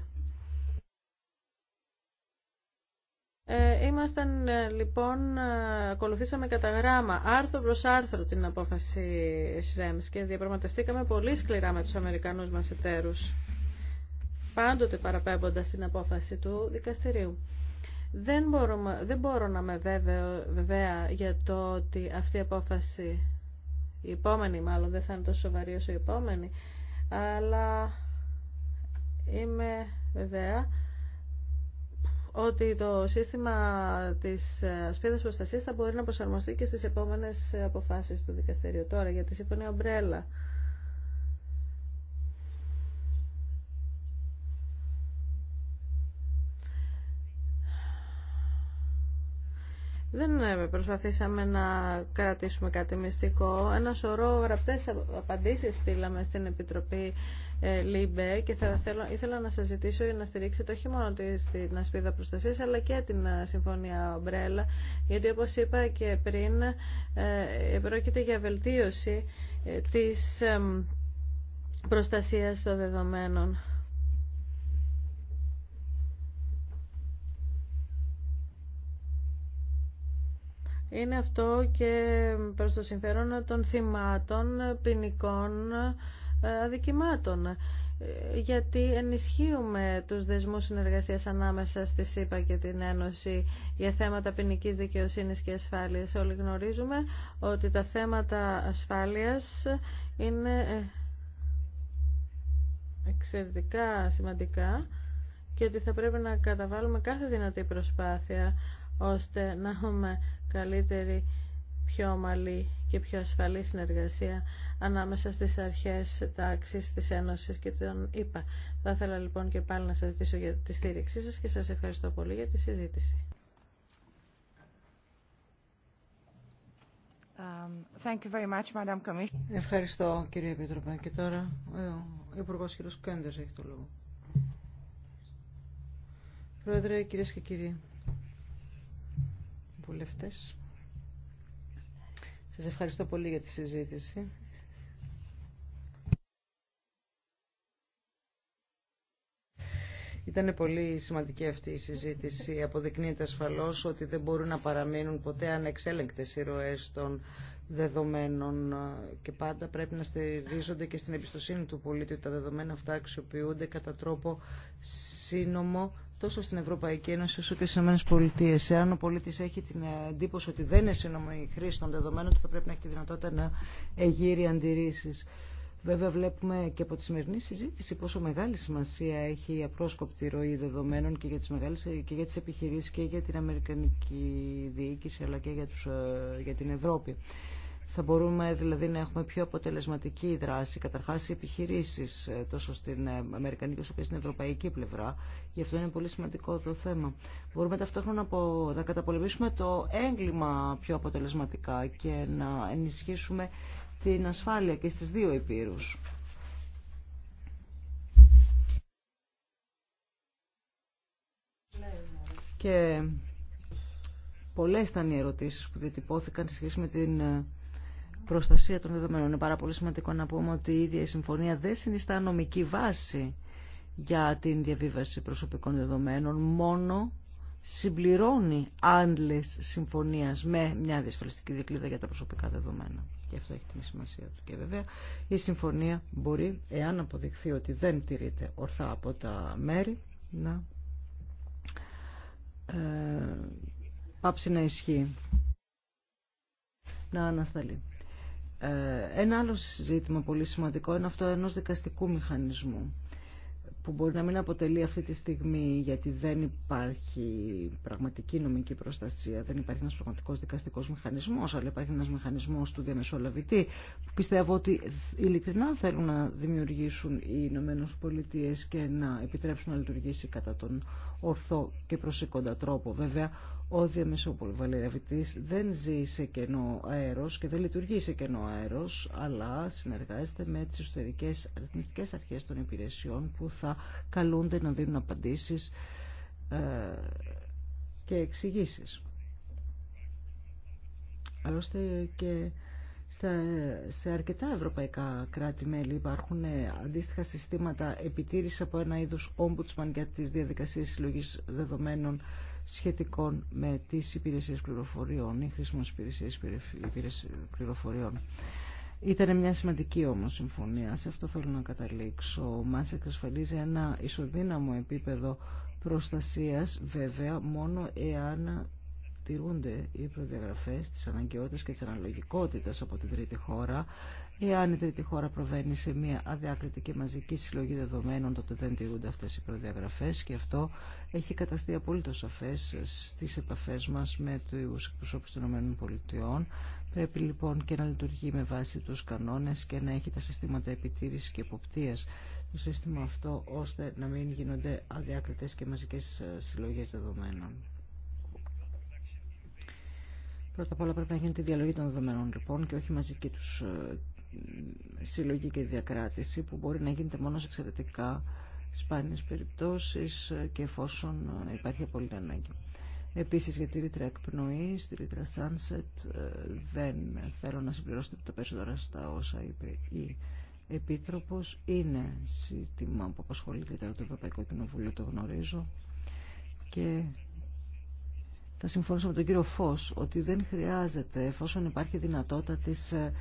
Ε, ήμασταν ε, λοιπόν, ε, ακολουθήσαμε κατά γράμμα άρθρο προς άρθρο την απόφαση ΣΡΕΜΣ και διαπραγματευτήκαμε πολύ σκληρά με τους Αμερικανούς μας εταίρους, πάντοτε παραπέμποντας την απόφαση του δικαστηρίου. Δεν, μπορούμε, δεν μπορώ να είμαι βέβαια για το ότι αυτή η απόφαση, η επόμενη μάλλον, δεν θα είναι τόσο σοβαρή όσο η επόμενη, αλλά είμαι βεβαία ότι το σύστημα της ε, ασπίδας προστασίας θα μπορεί να προσαρμοστεί και στις επόμενες αποφάσεις του δικαστηρίου. Τώρα για τη Σύμφωνη Ομπρέλα. Δεν ε, προσπαθήσαμε να κρατήσουμε κάτι μυστικό. Ένα σωρό γραπτές απαντήσεις στείλαμε στην Επιτροπή ε, ΛΥΜΠΕ και θα θέλω, ήθελα να σας ζητήσω για να στηρίξετε όχι μόνο την ασπίδα προστασίας αλλά και την ε, Συμφωνία Ομπρέλα γιατί όπως είπα και πριν πρόκειται για βελτίωση της προστασίας των δεδομένων. Είναι αυτό και προς το συμφέρον των θυμάτων ποινικών ε, αδικημάτων ε, γιατί ενισχύουμε τους δεσμούς συνεργασίας ανάμεσα στη ΣΥΠΑ και την Ένωση για θέματα ποινική δικαιοσύνης και ασφάλειας. Όλοι γνωρίζουμε ότι τα θέματα ασφάλειας είναι ε, εξαιρετικά σημαντικά και ότι θα πρέπει να καταβάλουμε κάθε δυνατή προσπάθεια ώστε να έχουμε καλύτερη, πιο ομαλή και πιο ασφαλή συνεργασία ανάμεσα στις αρχές τάξης της Ένωσης και τον ΗΠΑ. Θα ήθελα λοιπόν και πάλι να σας ζητήσω για τη στήριξή σας και σας ευχαριστώ πολύ για τη συζήτηση. Um, thank you very much, Madam Ευχαριστώ, κύριε Επίτροπε. Και τώρα ε, ο Υπουργός κύριο έχει το λόγο. Πρόεδρε, κυρίες και κύριοι βουλευτές. Σας ευχαριστώ πολύ για τη συζήτηση. Ήταν πολύ σημαντική αυτή η συζήτηση. Αποδεικνύεται ασφαλώς ότι δεν μπορούν να παραμείνουν ποτέ ανεξέλεγκτες οι ροές των δεδομένων και πάντα πρέπει να στηρίζονται και στην εμπιστοσύνη του πολίτη ότι τα δεδομένα αυτά αξιοποιούνται κατά τρόπο σύνομο τόσο στην Ευρωπαϊκή Ένωση όσο και στι ΗΠΑ. Εάν ο πολίτη έχει την ε, εντύπωση ότι δεν είναι σύνομη χρήση των δεδομένων του, θα πρέπει να έχει τη δυνατότητα να εγείρει αντιρρήσει. Βέβαια βλέπουμε και από τη σημερινή συζήτηση πόσο μεγάλη σημασία έχει η απρόσκοπτη ροή δεδομένων και για τι μεγάλες, και για επιχειρήσεις και για την Αμερικανική διοίκηση αλλά και για, τους, ε, για την Ευρώπη. Θα μπορούμε δηλαδή να έχουμε πιο αποτελεσματική δράση, καταρχάς οι επιχειρήσεις ε, τόσο στην ε, Αμερικανική όσο και στην Ευρωπαϊκή πλευρά. Γι' αυτό είναι πολύ σημαντικό το θέμα. Μπορούμε ταυτόχρονα να καταπολεμήσουμε το έγκλημα πιο αποτελεσματικά και να ενισχύσουμε την ασφάλεια και στις δύο υπήρους. Και πολλές ήταν οι ερωτήσεις που διατυπώθηκαν σε σχέση με την ε, προστασία των δεδομένων. Είναι πάρα πολύ σημαντικό να πούμε ότι η ίδια η συμφωνία δεν συνιστά νομική βάση για την διαβίβαση προσωπικών δεδομένων, μόνο συμπληρώνει άντλες συμφωνίας με μια διασφαλιστική δικλίδα για τα προσωπικά δεδομένα. Και αυτό έχει την σημασία του. Και βέβαια η συμφωνία μπορεί, εάν αποδειχθεί ότι δεν τηρείται ορθά από τα μέρη, να ε, πάψει να ισχύει, να ανασταλεί. Ε, ένα άλλο ζήτημα πολύ σημαντικό είναι αυτό ενός δικαστικού μηχανισμού που μπορεί να μην αποτελεί αυτή τη στιγμή γιατί δεν υπάρχει πραγματική νομική προστασία, δεν υπάρχει ένας πραγματικός δικαστικός μηχανισμός, αλλά υπάρχει ένας μηχανισμός του διαμεσολαβητή που πιστεύω ότι ειλικρινά θέλουν να δημιουργήσουν οι Ηνωμένε Πολιτείε και να επιτρέψουν να λειτουργήσει κατά τον ορθό και προσήκοντα τρόπο. Βέβαια, ο διαμεσοπολιβαλληλαβητής δεν ζει σε κενό αέρος και δεν λειτουργεί σε κενό αέρος, αλλά συνεργάζεται με τις εσωτερικές αριθμιστικές αρχές των υπηρεσιών που θα καλούνται να δίνουν απαντήσεις ε, και εξηγήσεις. Άλλωστε και σε αρκετά ευρωπαϊκά κράτη-μέλη υπάρχουν ε, αντίστοιχα συστήματα επιτήρηση από ένα είδους ombudsman για τις διαδικασίες συλλογής δεδομένων σχετικών με τις υπηρεσίες πληροφοριών ή χρήσιμες υπηρεσίες πληροφοριών. Ήταν μια σημαντική όμως συμφωνία, σε αυτό θέλω να καταλήξω. Μας εξασφαλίζει ένα ισοδύναμο επίπεδο προστασίας βέβαια μόνο εάν τηρούνται οι προδιαγραφές της αναγκαιότητας και της αναλογικότητας από την τρίτη χώρα. Εάν η τρίτη χώρα προβαίνει σε μια αδιάκριτη και μαζική συλλογή δεδομένων, τότε δεν τηρούνται αυτές οι προδιαγραφές και αυτό έχει καταστεί απόλυτο σαφές στις επαφές μας με τους εκπροσώπους των ΗΠΑ. Πρέπει λοιπόν και να λειτουργεί με βάση τους κανόνες και να έχει τα συστήματα επιτήρησης και εποπτείας το σύστημα αυτό, ώστε να μην γίνονται αδιάκριτες και μαζικές συλλογές δεδομένων. Πρώτα απ' όλα πρέπει να γίνεται η διαλογή των δεδομένων λοιπόν και όχι μαζική τους ε, συλλογή και διακράτηση που μπορεί να γίνεται μόνο σε εξαιρετικά σπάνιες περιπτώσεις και εφόσον ε, υπάρχει απόλυτη ανάγκη. Επίσης για τη ρήτρα εκπνοή, τη ρήτρα sunset, ε, δεν θέλω να συμπληρώσετε τα περισσότερα στα όσα είπε η Επίτροπος. Είναι ζήτημα που απασχολείται τώρα το Ευρωπαϊκό Κοινοβούλιο, το γνωρίζω. Και θα συμφωνήσω με τον κύριο Φως ότι δεν χρειάζεται εφόσον υπάρχει δυνατότητα της ε,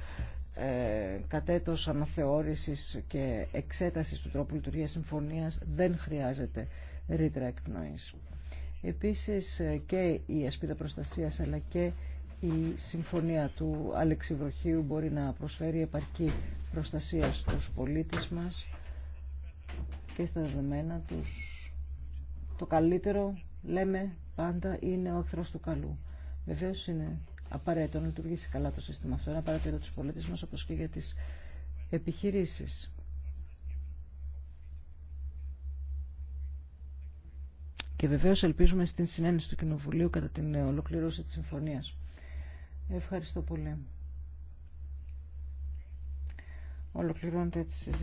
ε κατέτος αναθεώρησης και εξέτασης του τρόπου λειτουργίας συμφωνίας δεν χρειάζεται ρήτρα εκπνοής. Επίσης ε, και η ασπίδα προστασίας αλλά και η συμφωνία του Αλεξιβροχίου μπορεί να προσφέρει επαρκή προστασία στους πολίτες μας και στα δεδομένα τους. Το καλύτερο, λέμε, πάντα είναι ο εχθρό του καλού. Βεβαίω είναι απαραίτητο να λειτουργήσει καλά το σύστημα αυτό, είναι απαραίτητο του πολίτε όπω και για τι επιχειρήσει. Και βεβαίω ελπίζουμε στην συνένεση του Κοινοβουλίου κατά την ολοκλήρωση της συμφωνίας. Ευχαριστώ πολύ. Ολοκληρώνεται έτσι